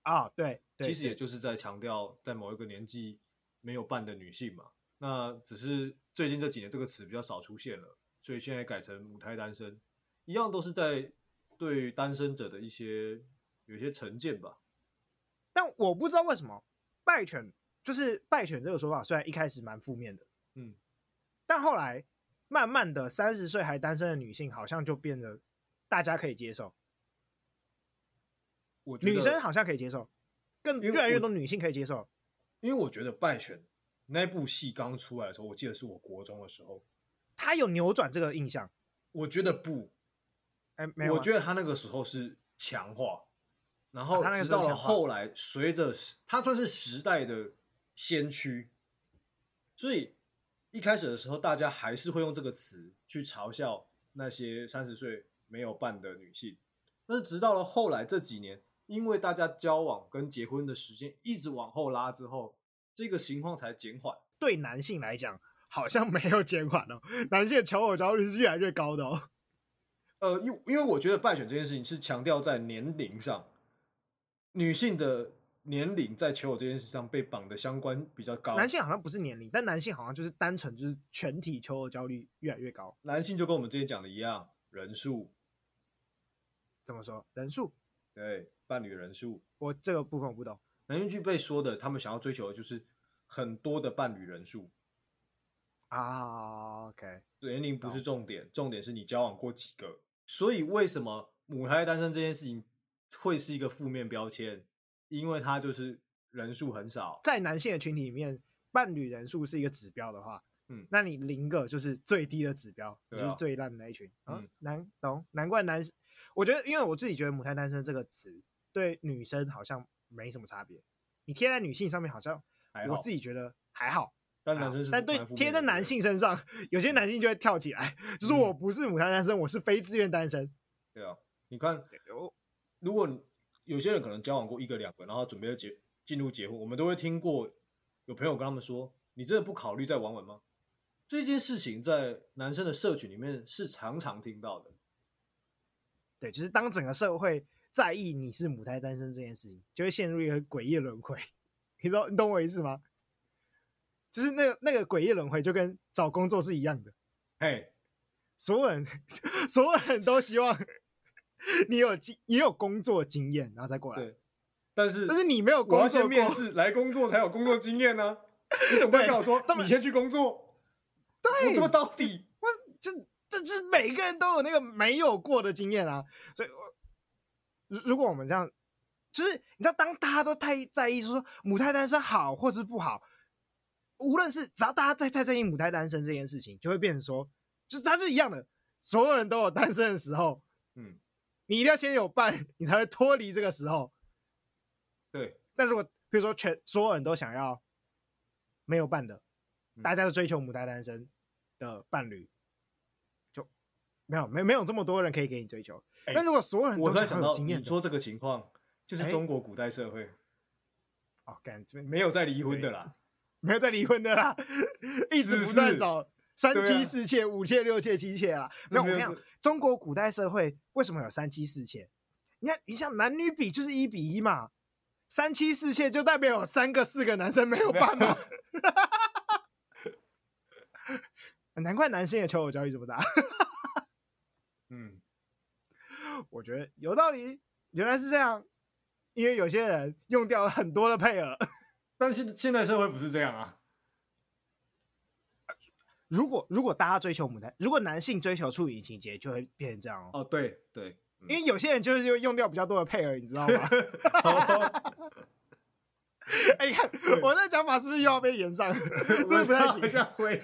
啊、哦，對，其實也就是在強調，在某一個年紀沒有伴的女性嘛。那只是最近這幾年這個詞比較少出現了，所以現在改成母胎單身，一樣都是在對單身者的一些有些成見吧。但我不知道為什麼“敗犬”就是“敗犬”這個說法，雖然一開始蠻負面的，嗯，但後來慢慢的，三十歲還單身的女性好像就變得大家可以接受。我女生好像可以接受，更越來越多女性可以接受，因為我覺得《敗犬》那部戲剛出來的時候，我記得是我國中的時候，他有扭轉這個印象。我覺得不，哎、欸，沒我覺得他那個時候是強化，然後他那個直到了後來，隨、啊、着他，他算是時代的先驅，所以一開始的時候，大家還是會用這個詞去嘲笑那些三十歲沒有伴的女性，但是直到了後來這幾年。因為大家交往跟結婚的時間一直往後拉之後，這個情況才減緩。對男性來講，好像沒有減緩哦，男性的求偶焦慮是越來越高的哦。呃，因因為我覺得敗犬這件事情是強調在年齡上，女性的年齡在求偶這件事情上被綁的相關比較高。男性好像不是年齡，但男性好像就是單純就是全體求偶焦慮越來越高。男性就跟我們之前講的一樣，人數。怎麼說？人數？對，伴侶人數，我這個部分我不懂。男性具備說的，他們想要追求的就是很多的伴侶人數啊。Oh, OK，年齡不是重點，重點是你交往過幾個。所以為什麼母胎單身這件事情會是一個負面標籤？因為他就是人數很少。在男性的群體裡面，伴侶人數是一個指標的話，嗯，那你零個就是最低的指標，啊、就是最爛的那一群嗯，嗯難懂，難怪男。我覺得，因為我自己覺得“母胎單身”這個詞對女生好像沒什麼差別，你貼在女性上面好像，我自己覺得還好，還好，還好。但男生是但對貼在男性身上，有些男性就會跳起來，就是我不是母胎單身、嗯，我是非自願單身。對啊，你看，如果有些人可能交往過一個兩個，然後準備要結進入結婚，我們都會聽過有朋友跟他們說：“你真的不考慮再玩玩嗎？”這件事情在男生的社群裡面是常常聽到的。對，就是當整個社會在意你是母胎單身這件事情，就會陷入一個詭異輪迴。你說你懂我意思嗎？就是那個那個詭異輪迴，就跟找工作是一樣的。哎、hey，所有人，所有人都希望你有經也有工作經驗，然後再過來。但是但是你沒有，工作面試來工作才有工作經驗呢、啊。 你總不能叫我說你先去工作？對，說到底，我就。這是每個人都有那個沒有過的經驗啊，所以，如如果我們這樣，就是你知道，當大家都太在意說母胎單身好或是不好，無論是只要大家太太在意母胎單身這件事情，就會變成說，就是它是一樣的，所有人都有單身的時候，嗯，你一定要先有伴，你才會脫離這個時候。對，但是如果比如說全所有人都想要沒有伴的，大家都追求母胎單身的伴侶。沒有沒沒有這麼多人可以給你追求。那、欸、如果所有人都想很有，我在想到，經驗說這個情況就是中國古代社會。感、欸、覺沒有再離婚的啦，沒有再離婚的啦，是是 一直不斷找三妻四妾、啊、五妾六妾、七妾啊。沒有，沒有。中國古代社會為什麼有三妻四妾？你看，你像男女比就是一比一嘛，三妻四妾就代表有三個四個男生沒有辦法。 難怪男生的求偶交易這麼大。嗯，我覺得有道理。原來是這樣，因為有些人用掉了很多的配額，但是現在社會不是這樣啊。如果如果大家追求母單，如果男性追求處女情結，就會變成這樣、喔、哦。對對、嗯，因為有些人就是用用掉比較多的配額，你知道嗎？哎 欸、你看我這個講法是不是又要被炎上了？這 不太像會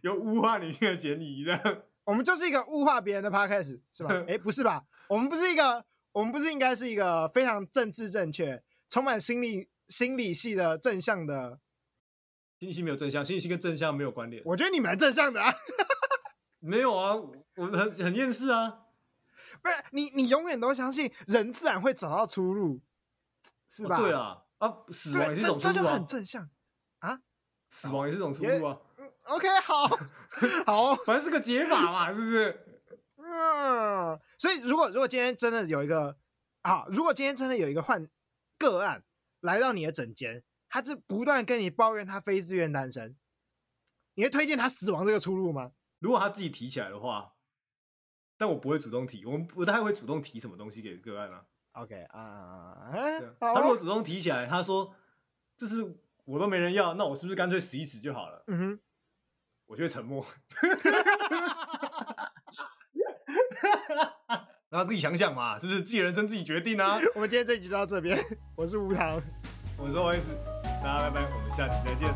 有汙化女性的嫌疑這樣。我們就是一個物化別人的 podcast 是吧？哎、欸，不是吧？我們不是一個，我們不是應該是一個非常政治正確、充滿心理心理系的正向的？心理系沒有正向，心理系跟正向沒有關聯。我覺得你蠻正向的啊。 沒有啊，我很很厭世啊。不是你，你永遠都相信人自然會找到出路，是吧？啊對啊，啊，死亡也是一種出路，啊、這，這就是很正向啊。死亡也是一種出路啊。啊嗯、OK，好。 好、哦，反正是個解法嘛，是不是？ 嗯，所以如果如果今天真的有一個啊，如果今天真的有一個患個案來到你的診間，他是不斷跟你抱怨他非自願單身，你會推薦他死亡這個出路嗎？如果他自己提起來的話，但我不會主動提，我們不太會主動提什麼東西給個案嘛。OK、uh, 嗯、啊，他如果主動提起來，他說，這是我都沒人要，那我是不是乾脆死一死就好了？嗯哼。我覺得沉默 然後自己想想嘛，是不是自己人生自己決定啊？ 我們今天這集就到這邊，我是吳糖，我是沃易斯，大家拜拜，我們下期再見。